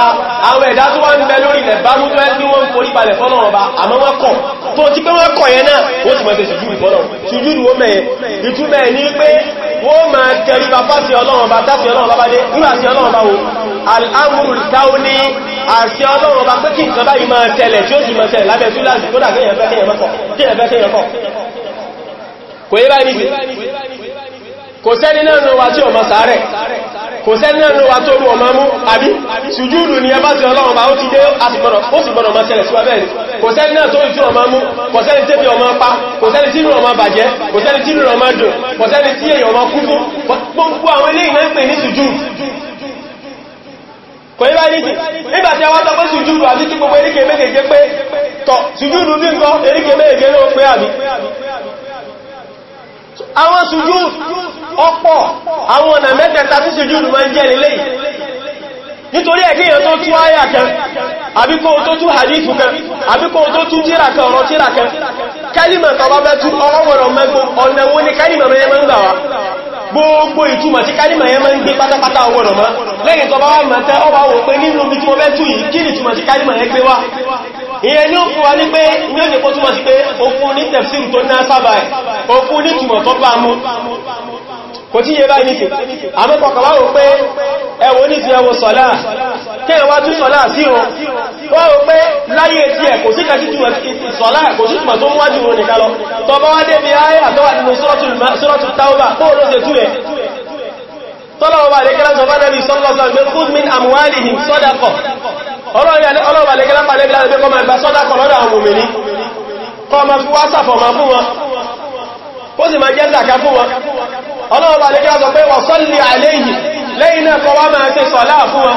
àwọn ẹ̀dá tó wá ń bẹ lórí ilẹ̀ bá mú tó ẹ́ tí wọ́n ń forí balẹ̀ fọ́nà ọba àmọ́ wọ́n kọ̀ tó ti pé wọ́n kọ̀ yẹn náà ó ti mọ̀ sí sùjúdù fọ́nà sùjúdù ó mẹ́yẹ ìtumẹ̀ ní pé wọ́n máa tẹrí bá fásí ọlọ́run ọba tásí ọlọ́run ọba dé nígbà sí ọlọ́run ọba wo al-amrul kauni àti ọlọ́run ọba pé kí nǹkan báyìí máa tẹ̀lẹ̀ tí ó sì máa tẹ̀lẹ̀ lábẹ́ túláàsì kódà kéèyàn fẹ́ kéèyàn mọ́kọ̀ kéèyàn fẹ́ kéèyàn kọ̀ kò yé báyìí kò sẹ́ni náà ní wa tí ọmọ sàárẹ̀ kò sẹ́nà ní wa tó rú ọmọ mú àbí ṣùjúdù ni ẹbá sí ọlọ́run bá ó ti dé ó sì gbọ́dọ̀ máa tẹ́lẹ̀ síwá bẹ́ẹ̀ kò sẹ́nà tó ìtú ọmọ mú kò sẹ́ni tí èmi ọmọ pa kò sẹ́ni tí ọmọ bàjẹ́ kò sẹ́ni tí ọmọ dùn kò sẹ́ni tí èyàn ọmọ kú fún gbogbo àwọn ní ṣùjúdù nígbà tí a wá tọpẹ́ ṣùjúdù àti tí gbogbo eríkè méjèèjé pé tọ̀ ṣùjúdù bí nǹkan eríkè méjèèjé ló pé àbí àwọn sùjú ọ̀pọ̀ àwọn ọ̀nà mẹ́tẹ̀ta tí sùjú ma ń jẹ́ nílé nítorí ẹ̀kíyàn tó tú áyà kan àbíkó tó tú hadith kan àbíkó tó tú tírà kan ọ̀rọ̀ tírà kan kẹ́lìmọ̀ tọba tú ọlọ́wọ̀rọ̀ mẹ́gbọ́ ọ̀nà wo ni kẹ́lìmọ̀ gbogbo ọba ìyẹn ni ó fún wa ní pé ní ó nìkó túnmọ̀ sí pé ó fún ní tẹ̀fsí tó ná sábà ẹ̀ ó fún ní túnmọ̀ tó bá mú kò tí yẹ bá ní sí àmọ́kọ̀kọ̀wá wò pé ẹwọ ní ti ẹwọ sọ̀lá kẹwàá tún sọ̀lá sí o wọ́n wò pé láyé tí ẹ kò sí kàtí sọ̀lá kò sí túnmọ̀ tó múwájú wọn nìkan lọ tọba wá débi ayé àtọwà nínú sọ́rọ̀tún táwọ́bà kó ló ṣe tú ẹ tọ́lọ̀wà lẹ́gẹ́lá sọ bá lẹ́bí sọ́lọ́sọ́ ìgbé kúzmin àmúwálìhìn sọ́dakọ̀ ọlọ́wà lẹ́gẹ́lá pàdé bí láti pé kọ́ ma gba sọ́dakọ̀ lọ́dọ̀ àwọn òmìnirí kọ́ ma fi wá sàfọ̀mà fún wọn kó sì ma jẹ́ zàká fún wọn ọlọ́wà lẹ́gẹ́lá sọ pé wà sọ́lì àlẹ́yìn lẹ́yìn náà kọ́ máa ṣe sọ̀lá fún wọn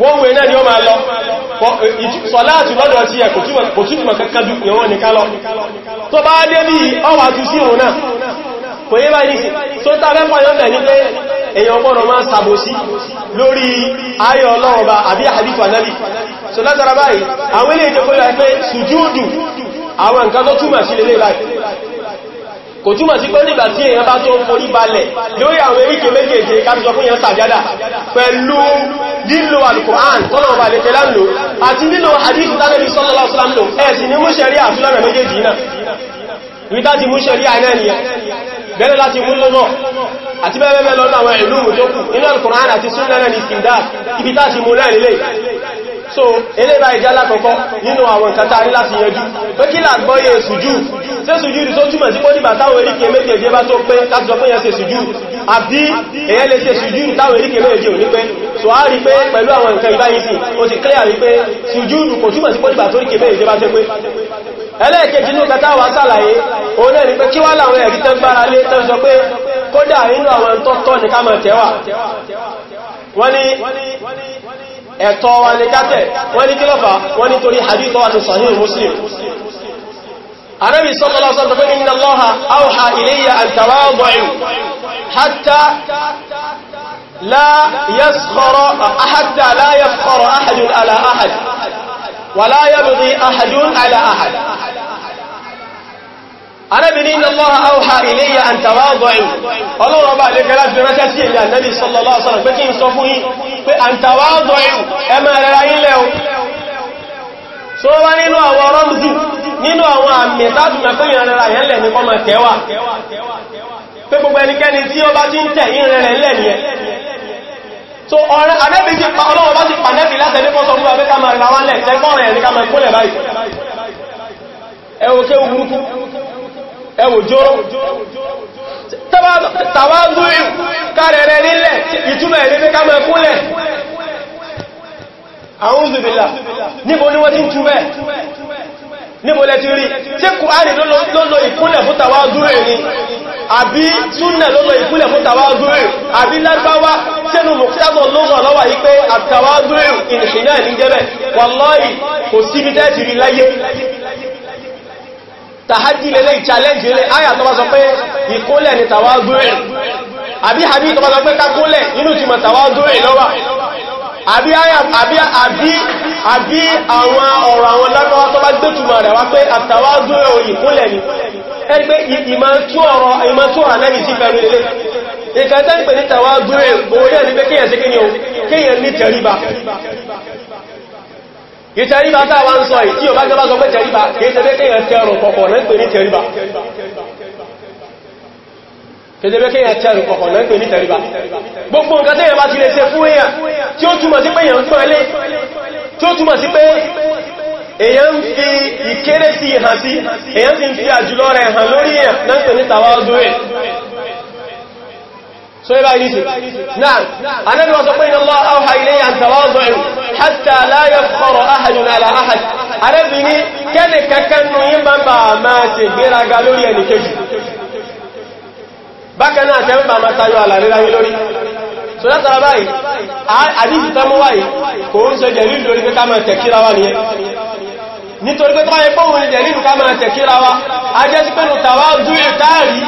wọ́n wé náà ni ó máa lọ eh, sọ̀láàtù lọ́dọ̀ tí ẹ̀ kò túnmọ̀ kankan jù ìwọ̀n nìkan lọ tó bá dé bí ọwà tún sí òun náà kò yé báyìí sí tó tàbẹ́ pàyọ́ndẹ̀ ní pé èyàn gbọ́nà máa sàbòsí lórí ayọ̀ ọlọ́ọ̀ba àbí àdífù ànábì so látara báyìí àwọn ilé ìjọpọ̀ ìlàpẹ́ sùjúdù àwọn nǹkan tó túnmọ̀ sí lélẹ́ báyìí kò túmọ̀ sí pé nígbà tí èèyàn bá tó ń forí balẹ̀ lórí àwọn eríkè méjèèjì káàkiri fún èèyàn sàjádà pẹ̀lú lílo alukur'an tọ́nà ọba lè tẹ́lá lò àti lílo hadithu tánàbí sallallahu alaihi wasallam ẹ̀sìn ní múṣẹ̀rí àfilọ́nà méjèèjì náà ríta ti múṣẹ̀rí àìnẹ́niyàn bẹ̀rẹ̀ láti mú lọ́nà àti bẹ́ẹ̀ bẹ́ẹ̀ lọ́nà àwọn ìlú mú tó kù inú alukur'an àti sunnah ní ìsìndá ibi tá ti mú náà nílé so elébà ìjálá kọ̀kọ́ nínú àwọn ìkàtà rí láti yẹjú pé kí làgbọ́yẹ sùjú ṣe sùjú rí tó túnmọ̀ sí pọ́nìbà táwọn eríkẹ méjèèjì bá tó pé láti sọ pé yẹn ṣe sùjú àbí èyẹ lè ṣe sùjú táwọn eríkẹ méjèèjì ò ní pé so a rí pé pẹ̀lú àwọn nǹkan ìbáyìí ó ti clear rí pé sùjú kò túnmọ̀ sí pọ́nìbà tó ríkẹ méjèèjì bá tó pé ẹlẹ́ẹ̀kejì ní kàtàwà sàlàyé òun náà ni pé kí wá láwọn ẹ̀rí tán gbára lé tán sọ pé kódà nínú àwọn tọ́tọ́ ní ká mọ̀ tẹ́wà wọ́n ni ẹ̀tọ́ wa ní kátẹ̀ wọ́n ní kílọ́fà wọ́n ní torí hadith wa ní sahih muslim anábi sọ́tọ́lá sọ́tọ́ pé inna Allaha awha ilayya an tawadu hatta la yaskhara hatta arábìnrin iná lọ́ha áwọ̀há iléyà àntàwàgọ́ìn ọlọ́run bá lẹ́kẹ́ láti ránṣẹ́ sí èyà nẹ́bí sallallahu alaihi wasallam pé kí n sọ fún yín pé àntàwàgọ́ìn ẹmọ ẹ̀rẹ́ra ilẹ̀ o so wá nínú àwọn rọ́mùsù nínú àwọn àmì so ọ̀rẹ́ anẹ́bí ti pa ọlọ́wọ́ bá ti pa nẹ́bí láti ẹni fọ́sọ̀ mú abẹ́ká ma ra wálẹ̀ tẹ́gbọ́n rẹ̀ ní ká ma kólẹ̀ báyìí ẹwòjó tàwádú kárẹrẹ nílẹ̀ ìtumẹ̀ ní ká mẹ́ kúnlẹ̀ àwọn òzùbìlà níbo ni wọ́n ti ń túbẹ̀ níbo lẹ ti rí tí Kùránì lọ́lọ́ ìkúnlẹ̀ fún tàwádú rẹ̀ ni àbí súnnà lọ́lọ́ ìkúnlẹ̀ fún tàwádú rẹ̀ àbí lágbáwá tẹ́nu mọ̀kútàbọ̀ lọ́wọ́ lọ́wọ́ yìí pé àtàwádú rẹ̀ ìrìnṣẹ̀ náà ní jẹ́bẹ̀ wallahi kò síbi tẹ́ẹ̀tì tàhájì lẹ́lẹ́ ìchallenge lẹ́lẹ́ ayà tó bá sọ pé ìkólẹ̀ ni tàwádúrì àbí àbí tó bá sọ pé kákólẹ̀ inú túnmọ̀ tàwádúrì lọ́wà àbí àbí àwọn ọ̀rọ̀ àwọn lábáwá tó bá gbé túnmọ̀ rẹ̀ wá pé àtàwádúrì ìkólẹ̀ ni ẹgbẹ́ ìmọ̀ tú ọ̀rọ̀ náà sí pẹ̀lú ilé ìkẹta ń pè ní tàwádúrì òun náà ní pé kéyàn sí ìtẹríba táwà ń sọ ìtí ọba jọba sọ pé tẹríba kìí ṣe bẹ́kẹ́ yẹn tẹrùn kọ̀kọ̀ náà ń pè ní tẹríba kìí ṣe bẹ́kẹ́ yẹn tẹrùn kọ̀kọ̀ náà ń pè ní tẹríba gbogbo nǹkan tẹ́yẹ bá ti lè ṣe fún èyàn tí ó túmọ̀ sí pé èyàn ń pẹ́lẹ́ tí ó túmọ̀ sí pé èyàn ń fi ìkéré sí ìhàn sí èyàn ti ń fi àjùlọ rẹ̀ hàn lórí èyàn náà ń pè ní tàwà ọdún so yíba ìrísì náà anẹ́bí wọ́n sọ pé Allah awha ilayya an tawadu'u hatta la yafkhara ahadun ala ahad anẹ́bí ní kẹ́lẹ̀ kankan nù yí bàbà máa ṣe gbéraga lórí ẹni kejì bákan náà tẹ́ bàbà tayọ àlàríra yí lórí so látara báyìí àdíjì tamuwa yìí kò ń sọ jẹ̀rí lórí pé ká máa tẹ̀kíra wá nìyẹn nítorí pé tọ́wọ́ ẹ̀kọ́ òun ìdẹ̀lì nǹkan máa tẹ̀kíra wa a jẹ́ sí pẹ́nu tàwà ojú ìtaàrí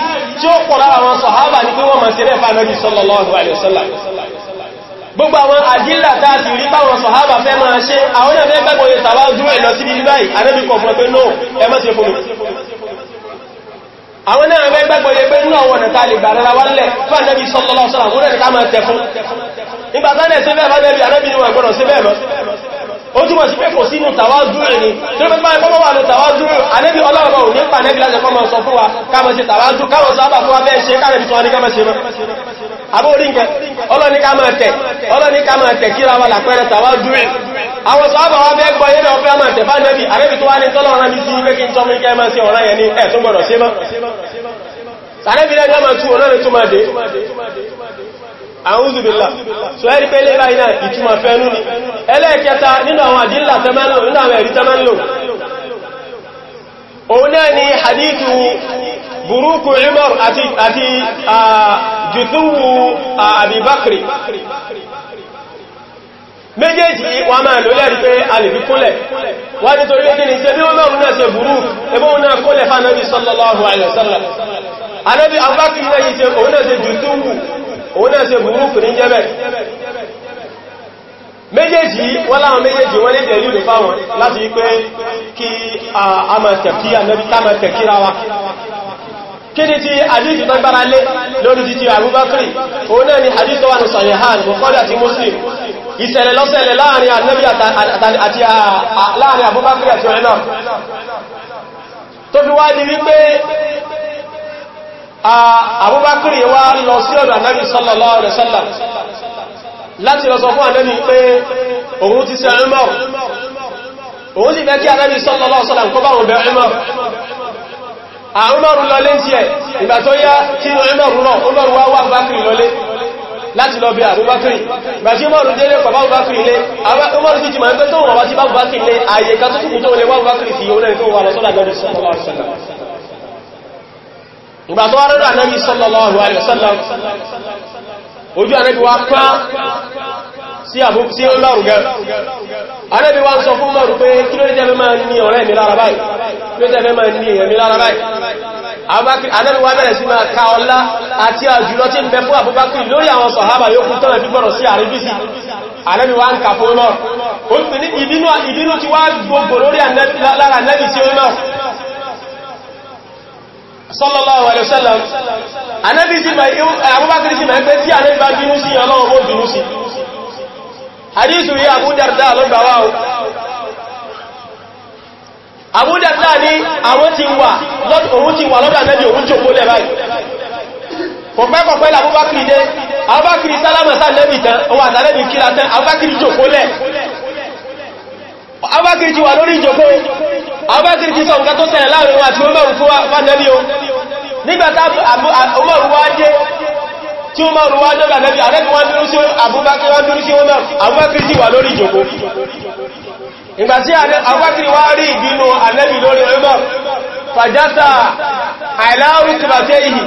tí ó pọ̀ lára wọn sọ̀hábà ní pé wọ́n máa tẹ́lẹ̀ fà Nábì sallallahu alaihi wasallam gbogbo àwọn àdílà táà ti rí báwọn sọ̀hábà fẹ́ máa ṣe àwọn ẹ̀fẹ́ gbẹ́gbọ́n yẹ tàwà ojú ẹ̀ lọ sí ibi báyìí Ànábì kọ̀ fún ẹgbẹ́ náà ẹ má ṣe fún mi àwọn náà ẹgbẹ́ gbẹ́gbọ́n yẹ pé náà wọ̀n ta lè gbàdára wá lẹ̀ fún Ànábì sallallahu alaihi wasallam wọ́n rẹ̀ ká máa tẹ̀ fún ìgbàtánẹ̀ sí bẹ́ẹ̀ bá bẹ́ẹ̀ bí Ànábì ni wọ́n gbọ́dọ̀ sí bẹ́ẹ̀ mọ́ ó túnmọ̀ sí pé kò sínú tàwádúrù ni tó pẹ́ báyẹ̀ pọ́pọ́ wà ní tàwádúrù anẹ́bí ọlọ́ọ̀bọ̀ ò ní pa anẹ́bí láti kọ́mọ̀ sọ fún wa káàmọ̀ sí tàwádúrù káwọn sábà fún wa bẹ́ẹ̀ ṣe káàmọ̀ sí wọn ní káàmọ̀ sí wọn àbórí nǹkan ọlọ́ni ká máa tẹ̀ ọlọ́ni ká máa tẹ̀ kíra wà lápẹẹrẹ tàwádúrù àwọn sọ́ọ́bà wá bẹ́ẹ̀ gbọ́ yẹ́bẹ̀ ọ̀fẹ́ máa tẹ̀fà nẹ́bí àrẹ́bì tó wá ní tọ́lọ̀ ọ̀rán mi sí pé kí a'udhu billah so ẹ́rí pé lébà iná ìtumọ̀ fẹ́nú ni ẹlẹ́ẹ̀kẹta nínú àwọn àdílà tẹ́mẹ́lò nínú àwọn ẹ̀rí tẹ́mẹ́lò òun náà ni hadithu burúkú Umar àti jùtúwù Abi Bakri méjèèjì wà máa lò lẹ́rí pé a lè fi wà nítorí ó gíní bí wọ́n mẹ́rún náà ṣe burú ẹbọ́ wọn náà kúnlẹ̀ fánàbí sallallahu alaihi wasallam anábí náà yìí ṣe òun náà ṣe jùtúwù òun náà ṣe burúkú ní jẹ́bẹ̀ méjèèjì wọ́n láwọn méjèèjì wọ́n lè tẹ̀lú ìlú fáwọn láti wípé kí a máa tẹ̀kí àmẹ́ríkà máa tẹ̀kí ra wa kí ni ti àdíjì tó gbára lé lórí ti ti àbúbákìrì òun náà ni àdíjì tó wà ní sàyẹ̀hàn bukhari àti muslim ìṣẹ̀lẹ̀ lọ́sẹ̀lẹ̀ láàrin ànábì àti láàrin àbúbákìrì àti ọ̀rẹ́ náà tó fi wá di wípé Abubakar wá lọ sí ọ̀dọ̀ Ànábì sallallahu alaihi wasallam láti lọ sọ fún Ànábì pé òun ti ṣe Umar òun sì fẹ́ kí Ànábì sallallahu alaihi wasallam kó bá wọn bẹ Umar àrúmọ̀rún lọlé sí ẹ̀ ìgbà láti lọ bí àbúbákìrì gbàtí ọmọrù délé pàbá àbúbákìrì lé ọmọrù sí ti máa tó wọ́n wá sí bá àbúbákìrì lé ààyè ká tó túnkù tó wọlé wá àbúbákìrì sí yóò lẹ́rin wà lọ ìgbà tó wá rọ́rọ̀ anábi sallallahu alaihi wasallam ojú anábi wá pá sí Umaru gẹ́ anábi wá ń sọ fún Umaru pé kí ló ní tẹ́fẹ́ máa ní ọ̀rẹ́ mi lára báyìí kí ló tẹ́fẹ́ máa ní èèyàn mi lára báyìí anábi wá bẹ̀rẹ̀ sí máa ka ọlá àti àjùlọ tí ń bẹ fún Abubakar lórí àwọn sọ̀hábà yóò kún tọ́rẹ̀ bíbọ̀rọ̀ sí àríbísí anábi wá sallallahu alaihi wasallam anábi sí àbúbákìrí sí máa ń pẹ́ tí anábi bá bínú sí ọlọ́run ó dúró sí hadithu yí Abu Darda ló gbà wá o Abu Darda ní àwọn ti wà òun ti wà lọ́dọ̀ anábi òun jòkó lẹ́ báyìí kọ̀pẹ́kọ̀pẹ́ làbúbákìrí dé àbúbákìrí sálámà sáà nẹ́bì tán òun àtàlẹ́bì kíra tán àbúbákìrí jòkó lẹ́ àbúbákìrí ti wà lórí ìjòkó abubakar ti sọ nǹkan tó ṣẹlẹ̀ láàrin wa tí umaru fún wa nẹ́bí o nígbàtá umaru wá dé tí umaru wá dọ́gbà nẹ́bí àrẹ́bí wọ́n dúró sí abubakar wọ́n dúró sí umaru abubakar ti wà lórí ìjòkó ìgbà tí abubakar wá rí ìbínú ànẹ́bí lórí umaru fàjátà àìláàrù kìbàtẹ́ ìhì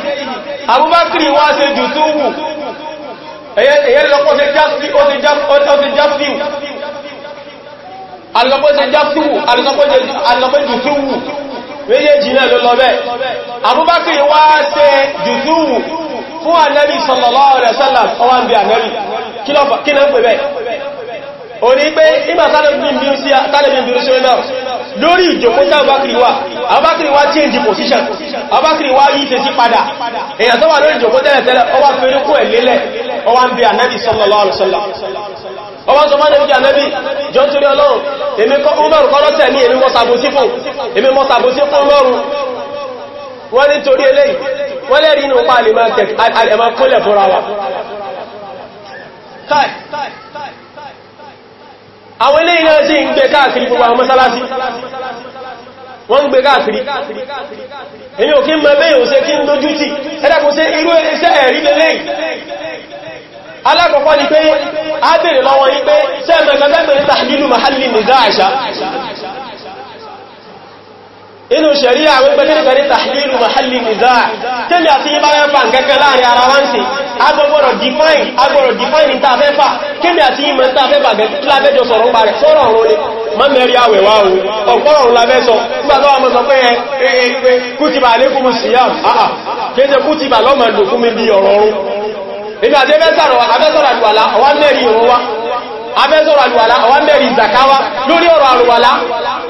abubakar wá sí jùtúwù èyẹ́ lọ́pọ̀ sí jáfíù alìsọpọ̀ṣe jásíwù alìsọpọ̀ṣe jùsúwù méjèèjì náà ló lọ bẹ́ Abubakar wá ṣe jùsúwù fún Ànábì sallallahu alaihi wasallam ọwá ń bí Ànábì kí lọ́pàá kí náà pè bẹ́ o ní pé nígbà tálẹ́bìn dúró sí ọlọ́run lórí ìjòkó tí abákiri wà abákiri wá change position abákiri wá yí tẹ́sí padà èyàn tó wà lórí ìjòkó tẹ́lẹ̀tẹ́lẹ̀ ó wá fẹ́rú kú ń bí ànábì sallallahu alaihi wasallam ọwọ́ sọ máa nẹ́bí ànẹ́bí jọ torí ọlọ́run èmi kọ́ Umaru kọ́lọ́tẹ̀ ní èmi mọ́sàbò sí fún èmi mọ́sàbò sí fún Umaru wọ́n ní torí eléyìí àwọn ilé iná sí ń gbé káàkiri gbogbo àwọn mọ́sálásí wọ́n ń gbé káàkiri èyí ò kí mọ ẹgbẹ́ ìhòsẹ kí ń lójú tí ẹ́dàkùn sí irú iṣẹ́ ẹ̀rí lélẹ́ alákọ̀ọ́kọ́ ni pé a bèèrè lọ́wọ́ yí pé sẹ́ẹ̀mẹ̀kẹ́gbẹ̀rẹ̀ inu ṣẹ̀ríà wípé kẹsẹ̀rí tàhílù mahalli nìzáà tẹ́lì àti yi ẹ̀fà nkẹ́kẹ́ láàrin ara wá ń sí agbọ́gbọ́rọ̀ define agbọ́rọ̀ fefa ní tàfẹ́fà kẹ́lì àti yíma ń tàfẹ́fà lábẹ́jọ sọ̀rọ̀ parẹ̀ sọ́rọ̀ ọ̀rọ̀ ni ma mẹ́rí o ọ̀pọ̀rọ̀ ọ̀rọ̀ mi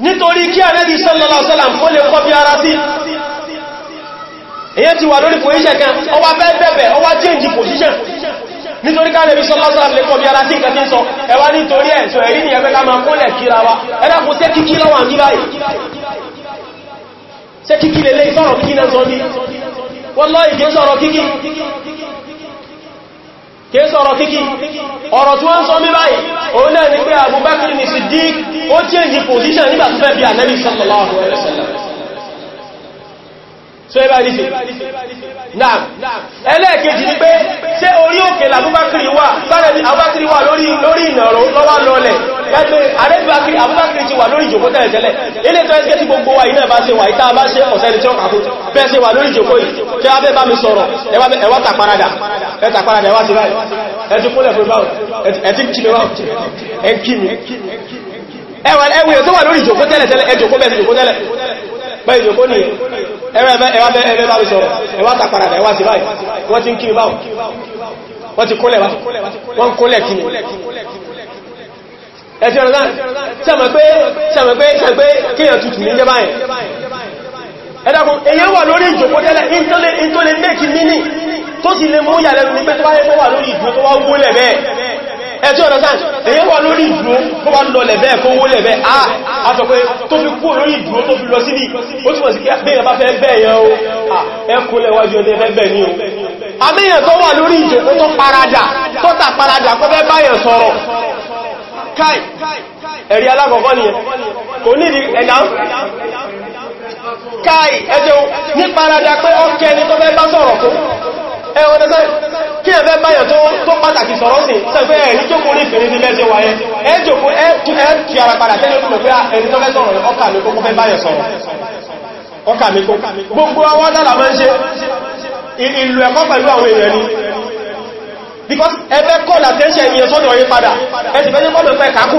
nítorí kí Ànábì sallallahu alaihi wasallam kó lè kọ́ bí ara sí èyẹ ti wà lórí pòsíṣẹ́ kan ó wá fẹ́ bẹ̀bẹ̀ ó wá change position nítorí ká Ànábì sallallahu alaihi wasallam lè kọ́ bí ara sí nǹkan tí ń sọ ẹwà nítorí ẹ̀ sọ èyí ni wa ẹ̀dá kò sẹ́ kíkí lọ́wọ́ àmì báyìí sẹ́ kíkí lè lé kìí sọ̀rọ̀ kíkì ọ̀rọ̀ tí wọ́n ń sọ mí báyìí òun náà ní pé Abubakar ní Siddiq ó change position nígbà tó fẹ́ bí Ànábì sallallahu alaihi wasallam so ẹbá ní ṣe náà ẹlẹ́ẹ̀kejì ní pé ṣé orí òkè làbúbákiri wà sáàrẹ̀bí àbúbákiri wà lórí ìnàró lọ́wà lọ́lẹ̀ pẹ́pẹ́ àrẹ́bíbákiri àbúbákiri ti wà lórí ìjòkó tẹ́lẹ̀tẹ́lẹ̀ ilé tó ẹgbẹ́ tí gbogbo wa iná bá ṣe wà ìta bá ṣe ọ̀sẹ́ni tí ó kàkó bẹ́ ṣe wà lórí ìjòkó yìí tẹ́ wá bẹ́ bá mi sọ̀rọ̀ ẹwà tàparadà ẹtàparadà ẹwà ti báyìí ẹtí kúnlẹ̀ fún báwọn ẹtí kìnnì wà ẹkí mi ẹwà ìjòkó tẹ́lẹ̀tẹ́lẹ̀ ẹwẹ́ bá mi sọ̀rọ̀ ẹwà tàpàrà ẹwà sí báyìí wọ́n ti ń kí báwọn wọ́n ti kólẹ̀ wọ́n kólẹ̀ kí ẹ̀tí ọ̀rọ̀ láti sẹ́mọ̀ pé sẹ́mọ̀ pé sẹ́mọ̀ pé kíyàn tutù ní jẹ́ báyìí ẹ̀dàkùn èyàn wà lórí ìjòkó tẹ́lẹ̀ ìntó lè mẹ́kì mínì tó sì lè mú yà lẹ́nu ní pẹ́ tó wáyé tó wà lórí ìjò tó wá wó lẹ̀ bẹ́ẹ̀ ẹ̀tí ọ̀nà sáà èyí wà lórí ìdúró kó wá lọ lẹ̀bẹ́ kó wó lẹ̀bẹ́ a sọ pé tó fi kú lórí ìdúró tó fi lọ sí ní ó túnmọ̀ sí bẹ́yàn bá fẹ́ bẹ́yàn o ẹkùn lẹ́wàjú ọdẹ fẹ́ bẹ́ ní o àmìyàn tó wà lórí ìjòkó tó paradà tó tà paradà kó fẹ́ báyàn sọ̀rọ̀ káì ẹ̀rí alákọ̀ọ́kọ́ nìyẹn kò nídi ẹ̀dá káì ẹjọ́ ní paradà pé ọkẹ́ ni tó fẹ́ bá sọ̀rọ̀ tó ẹwọ́n tẹ́sẹ́ kí ẹ̀fẹ́ báyàn tó pàtàkì sọ̀rọ̀ sí sẹ́fẹ́ ẹ̀rí jókòó ní ìfèrè ní mẹ́sẹ̀ wáyé ẹ jókòó ẹ kí ara padà tẹ́lẹ̀ tó mẹ́fẹ́ ẹni tó fẹ́ sọ̀rọ̀ ọkà mi kókó fẹ́ báyàn sọ̀rọ̀ ọkà mi kó gbogbo àwọn dálà máa ń ṣe ìlú ẹ̀kọ́ pẹ̀lú àwọn èèyàn ni because ẹgbẹ́ call attention ènìyàn sọ́dọ̀ yí padà ẹsì fẹ́ ní kọ́lọ̀ pẹ́ kákú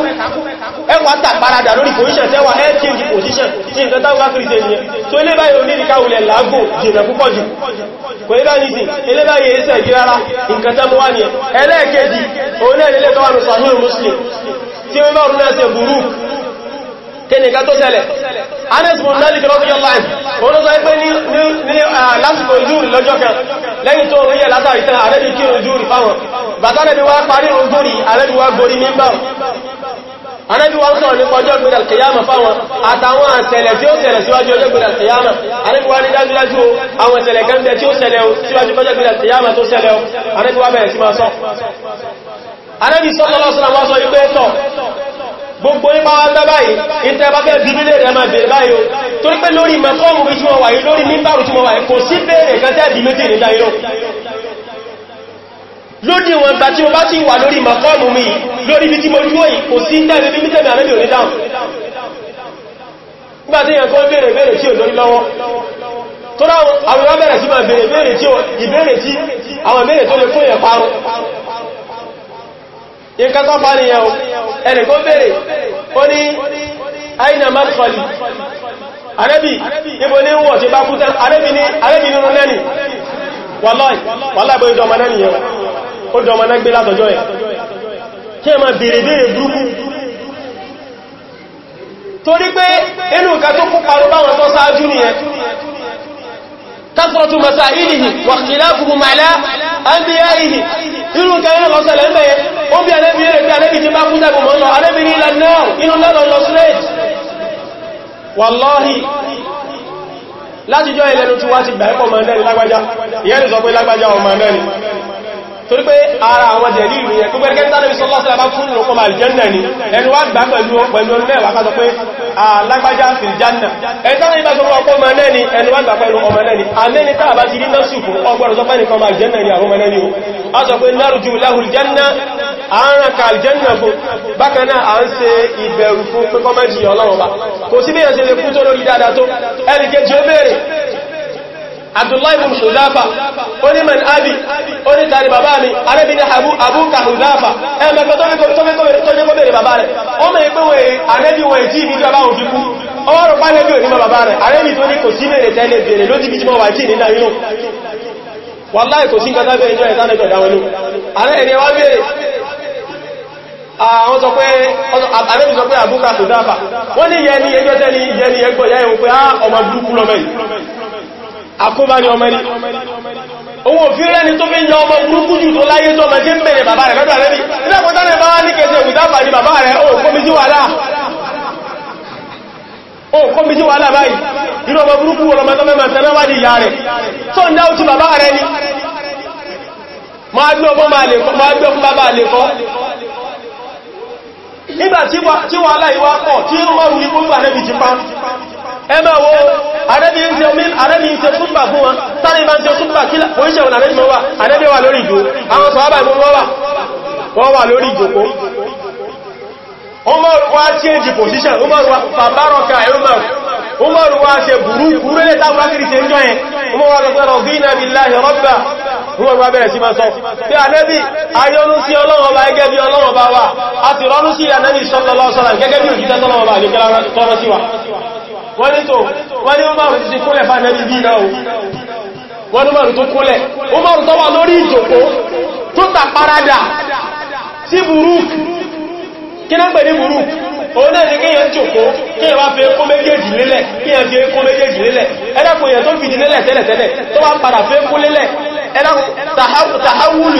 ẹwà tàparadà lórí position tẹ́wà ẹ position tí nǹkan táwọn fi ṣe ènìyàn tó ilé báyìí oníríkà ulẹ̀ lágbò jìnà púpọ̀ jù kò ilé báyìí sí ilé báyìí ẹsẹ̀ yí rárá nǹkan tẹ́mú wá nìyẹn ẹlẹ́ẹ̀kejì òun náà ilé tọ́wà nù sàhírò muslim tí wọ́n bá rú náà ṣe burú kíníkà tó ṣẹlẹ̀ Anas bin Malik radiyallahu anhu oòrùn sọ pé ní lásìkò júrì lọ́jọ́ kan lẹ́yìn tó rí ẹ̀látà ìtàn àrẹ́bì kí o júrì fáwọn bàtánẹ́bí wá parí ojúrì àrẹ́bì wá gorí mímbà àrẹ́bí wá sọ̀rọ̀ nípa ọjọ́ ìgbìdà kìyàmà fáwọn àtàwọn àṣẹlẹ̀ tí ó ṣẹlẹ̀ síwájú ọjọ́ ìgbìdà kìyàmà àrẹ́bí wá ní dájúdájú àwọn ìṣẹ̀lẹ̀ gẹ́gẹ́ tí ó ṣẹlẹ̀ síwájú ọjọ́ ìgbìdà kìyàmà tó ṣẹlẹ̀ àrẹ́bí wá bẹ̀rẹ̀ sí máa sọ gbogbo ipa agbábáyì ìtẹ́bàkẹ́ jùbílẹ̀ rẹ̀ máa bèèrè báyìí o torí pé lórí mẹ́kọ́ọ̀mù bí tí wọ́n wà yìí lórí mímbàrù tí wọ́n wà yìí kò sí bèèrè kan tẹ́ méjì ní dáyìí mi lórí bí tí mo dúró yìí kò sí tẹ́lẹ̀ bí mítẹ̀mì àrẹ́bì òní dáhùn nígbà tí yẹn kọ́ bèèrè bèèrè tí ò lórí lọ́wọ́ tó dáhùn nǹkan tó bá nìyàn o ẹni kó bèèrè ó ní aina madkhali arẹ́bì níbo ní wọ̀ tí bá kú tẹ́ arẹ́bì nínú lẹ́ni wallahi wallahi bó ìdọ̀mọ̀ náà nìyàn ó dọ̀mọ̀ náà gbé látọjọ́ ẹ̀ kí ẹ ma anbiya'ihi irú kẹrin lọ sẹlẹ̀ mẹ́ ó bí alẹ́bí rẹ̀ pé alẹ́bí ti bá kú sẹ́kù mọ́ lọ alẹ́bí ní ilẹ̀ náà inú lọ́lọ́ lọ straight wallahi látijọ́ ilẹ̀ ló ti wá ti gbà ẹ́kọ̀ mọ̀ torí pé ara àwọn jẹ̀lì ìrìn ẹ̀ tó gbẹ́rẹ́ kẹta lórí sọ́lọ́sílá bá fún ìrọ̀kọ́ máa jẹ́nà ní ẹni wá gbà pẹ̀lú pẹ̀lú ọdún mẹ́wàá kásọ pé alágbájá fi jẹ́nà ẹni tánà ìbá sọ́rọ̀ ọkọ́ ọmọ ẹlẹ́ni ẹni wá gbà pẹ̀lú ọmọ ẹlẹ́ni alẹ́ni tàà bá ti rí náà sùkú ọgbọ̀rọ̀ sọpẹ́ nìkan máa jẹ́nà fún bákanáà à ń ṣe ìbẹ̀rù fún pẹ́kọ́mẹ́jì ọlọ́run kò sí bí ẹ̀ lè kú tó lórí dáadáa tó ẹnìkejì ó bèèrè abdullahi bin hudafa ó ní man abi ó ní tàrí bàbá mi arẹ́bí ní abúka hudafa ẹmẹ́kọ́ tó jẹ́ kó bèèrè bàbá rẹ̀ ó mẹ́ pé wọ́n arẹ́bí wọ́n jí ibi jọba òun fi kú ọwọ́rọ̀ pálẹ́bí ò ní bàbá rẹ̀ arẹ́bí tó ní kò sí mẹ́rẹ̀ tẹ́lẹ̀ bèèrè ló ti bí jí mọ́ wà jí nínú inú wàláì kò sí nǹkan tábẹ̀ ìjọ ìtànẹ́jọ̀ ìdáwọn inú ààrẹ ẹ̀rẹ́ wá bèèrè àwọn sọ pé àtàrí sọ pé àbúkà tó dáfà wọ́n ní yẹ ni ẹjọ́ tẹ́ni yẹ ni ẹgbọ̀ yá ẹ̀wọ̀n pé á ah, ọmọ dúkú lọ́mẹ́yìn àkóbá ní ọmọ ní ohun òfin rẹ̀ ni tó fi ń yọ ọmọ burúkú jù tó láyé tó ọmọ tí ń bèèrè bàbá rẹ̀ lọ́dọ̀ àrẹ́bí ìlàpọ̀tá rẹ̀ bá wá ní kẹsẹ̀ òkútàbà ní bàbá rẹ̀ ó kómi sí wàhálà ó kómi sí wàhálà báyìí irú ọmọ burúkú wọ́n mẹ́tọ́ mẹ́mẹ́ tẹ́lẹ́ wá ní ìyá rẹ̀ tó ń bàbá rẹ̀ ni máa gbé ẹmẹ́ wo ànábì ń ṣe omi ànábì ń ṣe súnbà fún wọn tàbí ma ń ṣe súnbà kílá oríṣẹ́ wọn ànábì wọ́n wà ànábì wà lórí ìjò àwọn sọ́ọ́bà ìmú wọ́n wà wọ́n wà lórí ìjòkó Umar wá change position Umar wá fàbárọ̀kà Umar Umar wá ṣe burú burú lè táwọn akiri ṣe ń jọ yẹn Umar wá lọ́pẹ́ rọ̀ gíínà billahi rabba Umar wá bẹ̀rẹ̀ sí máa sọ pé ànábì ayọ́nú sí ọlọ́wọ́ bá gẹ́gẹ́ bí ọlọ́wọ́ bá wà a sì rọ́nú sí ànábì sallallahu alaihi wasallam gẹ́gẹ́ bí òjítẹ́ tọ́lọ́wọ́ bá lè kẹ́lá wọ́n ní tó wọ́n ní Umaru ti kúnlẹ̀ bá nẹ́bí bí náà wọ́n ní Umaru tó kúnlẹ̀ Umaru tó wà lórí ìjòkó tó tàparadà sí burúk kí náà pè ní burúk òun náà ni kíyàn jòkó kíyàn wá fi ẹkún méjèèjì lélẹ̀ kíyàn fi ẹkún méjèèjì lélẹ̀ ẹlẹ́kùn èèyàn tó fìdí lélẹ̀ tẹ́lẹ̀tẹ́lẹ̀ tó wá padà fi ẹkún lélẹ̀ ẹlẹ́kùn tàháwùlù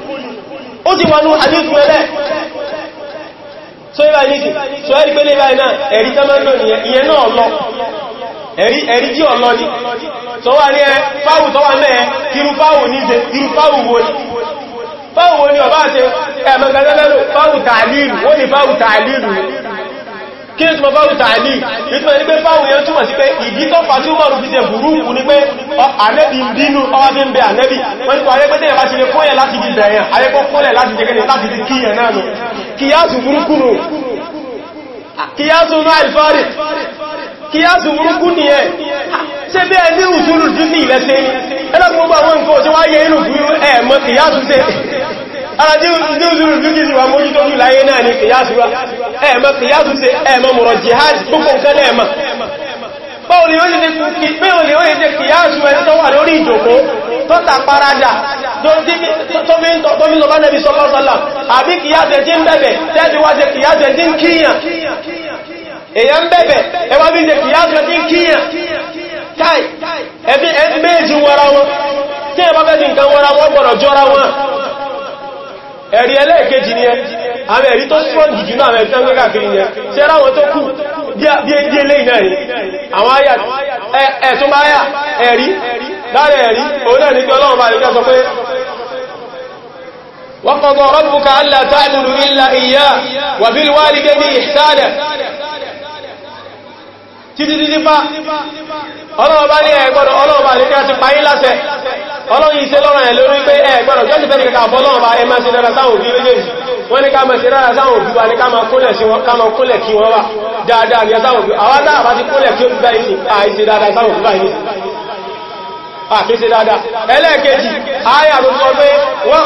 ó ti wọnú hadithu ẹlẹ́ so ibà ní sí so ẹ̀rí pé lébà náà ẹ̀rí tẹ́mọ́lò ìyẹn náà lọ ẹ̀rí jí ọ̀lọ́ ní tó wà ní ẹ fáwù tó wà náà kírú fáwù ní ṣe kírú fáwù wo ní fáwù wo ní ọba ṣe ẹ̀mọ̀gẹ́gẹ́lẹ́lò fáwù tààlìlù wọ́n ni fáwù tààlìlù kí ní tí mo bá rú tààlì nítorí ní pé fáwọn èèyàn túnmọ̀ sí pé ìdí tó fà tí ó mọ̀rún fi jẹ burúkú ní pé ànẹ́bì ń bínú ọwá bí ń bẹ ànẹ́bì wọ́n ní pàrẹ́ pẹ́tẹ́ ìyàbá ti lè kóyẹ̀ láti di bẹ̀rẹ̀ ayẹ́kọ́ kọ́lẹ̀ láti jẹ́ kẹ́lẹ̀ láti di kíyẹ̀ náà lọ kíyàsù burúkú nù kíyàsù náà ìfọ́rì kíyàsù burúkú nìyẹn ṣe bí ẹni ìrùsùlù dúdú ìlẹ́sẹ̀ ẹlọ́gbogbo àwọn nǹkan òṣèwáyé inú ẹ̀mọ́ kíyàsù ṣe ara tí ó zúrù lókè sí wà mójú tó jù láyé náà ni kìyásù wá ẹ̀mọ́ kìyásù sí ẹ̀mọ́ mọ̀rọ̀ jihad púpọ̀ nǹkan ẹ̀mọ́ báwo ni ó yẹ ṣe kìyásù ẹni tó wà lórí ìjòkó tó tàparadà tó mi lọ bá nẹ́bí sọ́lọ́sọ́lá àbí kìyásù ẹjí ń bẹ̀bẹ̀ tẹ́jú wá ṣe kìyásù ẹjí ń kíyàn èyàn bẹ̀bẹ̀ ẹwà bí ṣe kìyásù ẹjí ń kíyàn káì ẹbí méjì wọ́ra wọn tí ẹ bá fẹ́ di nǹkan wọ́ra wọn gbọ́dọ̀ jọra wọn ẹ̀rí ẹlẹ́ẹ̀kejì ni ẹ àwọn ẹ̀rí tó strong jù náà ẹ̀rí tán gbẹ́gbẹ́ kiri yẹn tí ẹ ráwọn tó kù bí i ilé ìnáà rí àwọn ayà ẹ̀tún bá yà ẹ̀rí lára ẹ̀rí òun náà ní pé ọlọ́run bá rí ká sọ pé وقضى ربك ألا تعبدوا إلا ọ̀jọ́sì fẹ́ nìkà àbọ́lọ́wọ́ bá ẹ máa ṣe dára sáwọn òbí méjèèjì wọ́n ní ká máa ṣe dára sáwọn òbí wa ní ká máa kúnlẹ̀ sí wọn ká máa kúnlẹ̀ kí wọ́n wà dáadáa ní sáwọn òbí àwọn dáàbá ti kúnlẹ̀ kí ó gbá ìsìn àìsí dáadáa sáwọn òbí báyìí àfíṣe dáadáa ẹlẹ́ẹ̀kejì ayà ló sọ pé wọ́n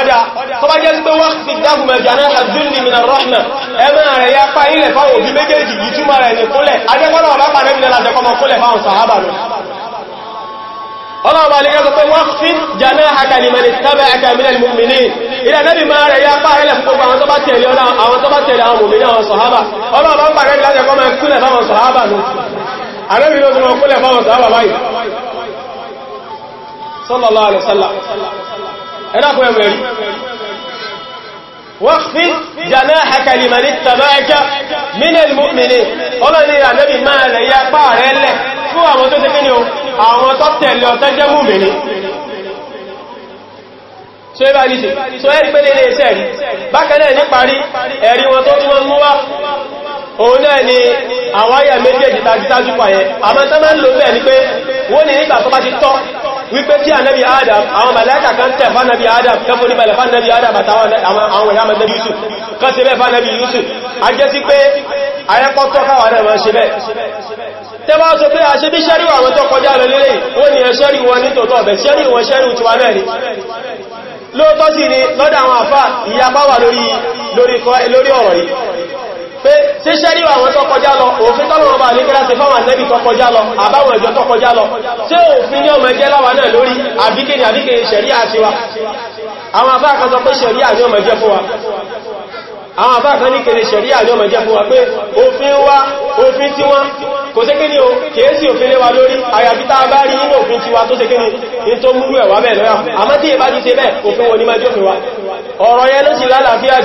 ọdá tó bá jẹ́ sí pé wọ́n fi dáhùn mẹ́jà náà àdúnni mìnà rọ́nà ẹmẹ́ rẹ̀ ya pa ilẹ̀ fáwọn òbí méjèèjì ìtumọ̀ rẹ̀ ní kúnlẹ̀ adẹ́kọ́lọ̀ ọ̀bá pàdébì náà láti kọmọ kúnlẹ̀ fáwọn sàhábà lọ ọlọ́ọ̀bá lè yẹ́ pé wọ́n fi jàná àkàlìmẹ̀lì tábẹ̀ àkàmìlẹ̀ mùmìnì ilẹ̀ nẹ́bì máa rẹ̀ yá pàrẹ̀ lẹ̀ fún gbogbo àwọn tó bá tẹ̀lé àwọn tó bá tẹ̀lé àwọn mùmìnì àwọn sọ̀hábà ọlọ́ọ̀bá ń pàrẹ̀ láti ẹkọ́ mẹ́ kúlẹ̀ fáwọn sallallahu alaihi wasallam ẹ̀dàkùn ẹ̀wẹ̀ rí waqfid janahaka liman ittaba'aka minal mu'minin ọlọ́ni ànábì máa lẹ̀ ya pàà rẹ̀ lẹ̀ fún àwọn tó tẹ́kẹ́ ni o àwọn tó tẹ̀lẹ̀ ọ̀tẹ́ jẹ́ múmìnì so ẹbá ní ṣe so ẹ̀rí pé lélẹ̀ iṣẹ́ rí bákan náà ní parí ẹ̀rí wọn tó tí wọ́n mú wá òun náà ni àwọn ayà méjèèjì tàbí tájú pàyẹ àmọ́ tán ń lò bẹ́ẹ̀ ni pé wọ́n ní nígbà tó bá ti tọ́ wípé tí ànábì adam àwọn màláíkà kan tẹ̀ fánàbí adam kẹfò ní bẹ̀lẹ̀ fánàbí adam àtàwọn àwọn ìyá mẹ́lẹ̀ yusu kan ṣe bẹ́ fánàbí yusuf a jẹ́ sí pé ayẹ́pọ́tọ́ káwà náà máa ṣe bẹ́ tẹ́bá sọ pé a ṣe bí ṣẹ́rí ni ẹ ṣẹ́rí wọn ní tòótọ́ ọ̀bẹ̀ ṣẹ́rí wọn pé ṣe ṣẹ́rí àwọn tó kọjá lọ òfin tọ́lọ̀rọ̀ bá lékẹ́lá ṣe fáwọn ànẹ́bì tó kọjá lọ àbáwọn ẹjọ́ tó kọjá lọ ṣé òfin ní ọmọ ẹjẹ́ láwà náà lórí àbíkẹ́ ni àbíkẹ́ ṣẹ̀rí àṣíwá àwọn abákan sọ pé ṣẹ̀rí àní ọmọ ẹjẹ́ fún wa àwọn abákan ní kèrè ṣẹ̀rí àní ọmọ ẹjẹ́ fún wa pé òfin wa òfin tí wọ́n kò sé o kèésì òfin léwa lórí àyàbí tá a bá rí nínú òfin tiwa tó sé kí ni ní tó múrú ẹ̀wà bẹ́ẹ̀ lọ́yà àmọ́ tí ìbá ti ṣe bẹ́ẹ̀ òfin wọn ni máa jófin wa ọ̀rọ̀ yẹn ló sì lálàáfíà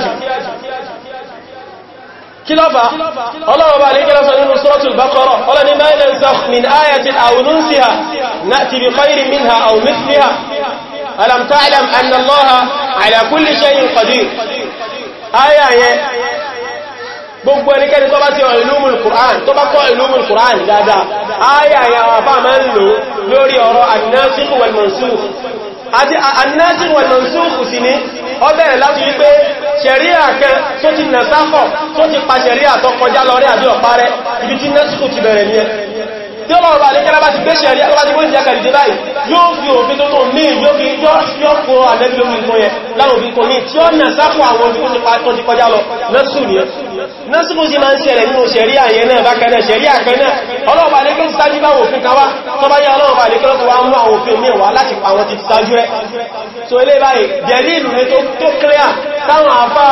kílọ́fà ọlọ́wọ́bà alékẹ́lá sọ nínú suratul Baqara ọlọ́ni ma yanzagh min ayatin aw nunsiha na'ti bi khayrin minha aw mithliha alam ta'lam anna Allaha ala kulli shay'in qadir ayà yẹn gbogbo ẹnikẹ́ni tó bá ti wọ ìlúmùl Qur'an tó bá kọ́ ìlúmùl Qur'an dáadáa ayà yẹn bá mẹ́ àti annasi wal mansukh sí ní ó bẹ̀rẹ̀ láti wípé ṣẹ̀ríà kan tó ti nà sáfọ̀ tó ti pa ṣẹ̀ríà tó kọjá lọ rí àbí ọ̀pá rẹ̀ ibi tí násìkò ti bẹ̀rẹ̀ ní ẹ tí ó lọ́rọ̀ àdékẹ́lá bá ti gbéṣẹ̀ rí àtọ́bá ti gbóṣẹ̀ àkàrí dé báyìí yóò fi òfin tó tó ní yóò fi yọ́kọ́ àdẹ́bí omi nǹkan yẹ láwọn òfin kan ní tí ó nà sáfún àwọn òfin tó ti kọjá lọ nọ́sù ni nọ́sù mo sì máa ń ṣẹlẹ̀ nínú ṣẹ̀rí àyẹ náà bákan náà ṣẹ̀rí àkan náà ọlọ́ọ̀bà àdékẹ́ ti sáájú bá òfin kan wá tó bá yá ọlọ́ọ̀bà àdékẹ́ lọ́tọ̀ wá mú àwọn òfin mẹ́wàá láti pa àwọn ti sáájú ẹ so eléyìí báyìí jẹ̀lí ìlú tó clear táwọn àfá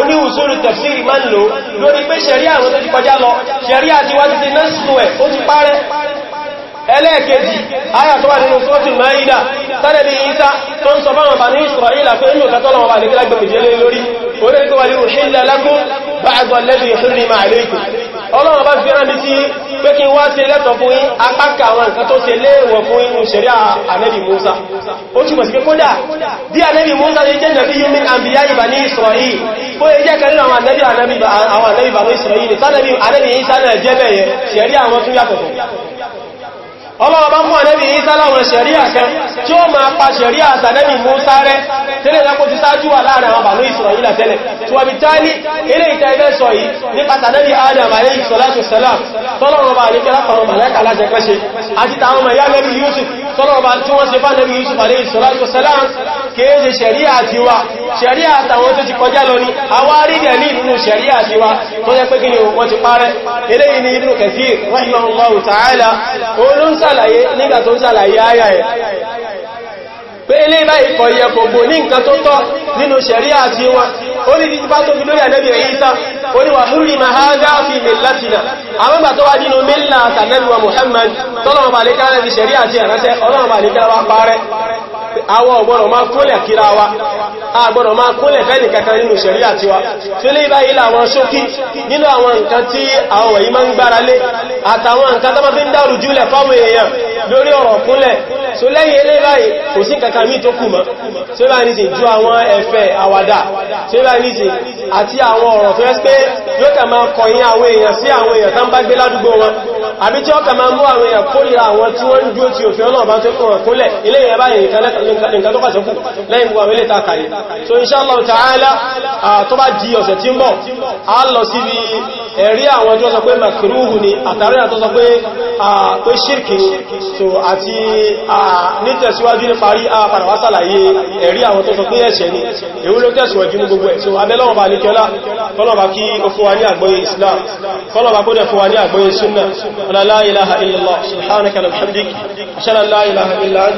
oníwùsùlù tẹ̀sírì máa ń lò lórí pé ṣẹ̀ríà àwọn tó ti kọjá lọ ṣẹ̀ríà ti wájú ti nẹ́sùn ẹ̀ ó ti parẹ́ ẹlẹ́ẹ̀kejì ayàtọ́wà nínú sọ́tún Maida tánàbí Isa tó ń sọ fáwọn Bani Isra'ila pé inú katọ́lọ̀ wọn bá lè gílágbẹ̀ ìjẹ́lẹ̀ lórí orí tó wà ní uhilla lakum ba'd alladhi hurrima alaykum ọlọ́run bá fi ránbí tí pé kí wá sí lẹ́tọ̀ fún yín apákà àwọn nǹkan tó ṣe léèwọ̀ fún inú ṣẹ̀rí ànẹ́bì Musa ó túnmọ̀ sí pé kódà bí ànẹ́bì Musa lè jẹ́ nàbí yúmin àbíyá ìbà ní Isra'il ọlọ́wọ́ bá mú ànẹ́bì Ìsá láwọn ṣẹ̀ríà kan tí ó máa pa ṣẹ̀ríà àsànẹ́bì Mùsá rẹ̀ tẹ́lẹ̀ lẹ́kọ́ ti sáájú wà láàrin àwọn Banu Israila tẹ́lẹ̀ tí wà bí tálí ilé ìta ilẹ̀ sọ yìí nípa sànẹ́bì Adam alayhi salatu wassalam tọ́lọ́rọ̀ bá ní kẹ́lá pàrọ̀ màlẹ́kà láti ẹ̀kọ́ṣe àti tàwọn mẹ̀yà lẹ́bì Yusuf tọ́lọ́rọ̀ bá tí wọ́n ṣe bá lẹ́bì Yusuf alayhi salatu wassalam kìí ṣe ṣẹ̀ríà sàlàyé nígbà tó ń sàlàyé ayà ẹ̀ pé ilé ìbáyìí kọ̀ yẹ kò gbò ní nǹkan tó tọ́ nínú ṣẹ̀ríà tiwọn ó ní títí bá tó fi lórí ànábì Ìsá ó ní wà múrí ma ha gá fi millatina àmọ́gbà tó wá dínú mílà tànẹ́lùwà Muhammad tọ́lọ̀mọ̀ bà lè kára ti ṣẹ̀rí àti ẹ̀rẹ́sẹ́ ọlọ́mọ̀ bà lè kára wá parẹ́ àwọn ọ̀gbọ̀nà máa kúnlẹ̀ kíra wa agbọ̀nà máa kúnlẹ̀ fẹ́ni kankan nínú ṣẹ̀rí àti wa tí lè bá ilẹ̀ àwọn ṣókí nínú àwọn nǹkan tí àwọn wọ̀nyí máa ń gbára lé àtàwọn nǹkan tó máa fi ń dárù jùlẹ̀ fáwọn èèyàn lórí ọ̀rọ̀ kúnlẹ̀ so lẹ́yìn ilé báyìí kò sí kankan mí tó kù mọ́ tí ó bá ní sí ju àwọn ẹ̀fẹ̀ àwàdà tí ó bá ní sí àti àwọn ọ̀rọ̀ tó ẹ́sẹ́ yóò kà máa kọ̀yìn àwọn èèyàn sí àwọn èèyàn tán bá gbé ládùúgbò wọn àbí tí ó kà máa mú àwọn èèyàn kórìíra àwọn tí wọ́n so inshallah ta'ala tó bá di ọ̀sẹ̀ tí ń bọ̀ a lọ síbi ẹ̀rí àwọn tí wọ́n sọ pé makruhu ni àtàrí àtọ́sọ pé ṣírkì so àti nítẹ̀síwájú ní parí àpàdà wá sàlàyé ẹ̀rí àwọn tó sọ pé ẹ̀ṣẹ̀ ni èwú ló tẹ̀síwájú ní gbogbo ẹ̀ so abẹ́lọ́wọ̀bà ní kẹ́lá kọlọ̀bà kí ó fún wa ní àgbọ́yé Islam kọlọ̀bà kó dẹ̀ fún wa ní àgbọ́yé súnnà ọlá la illallah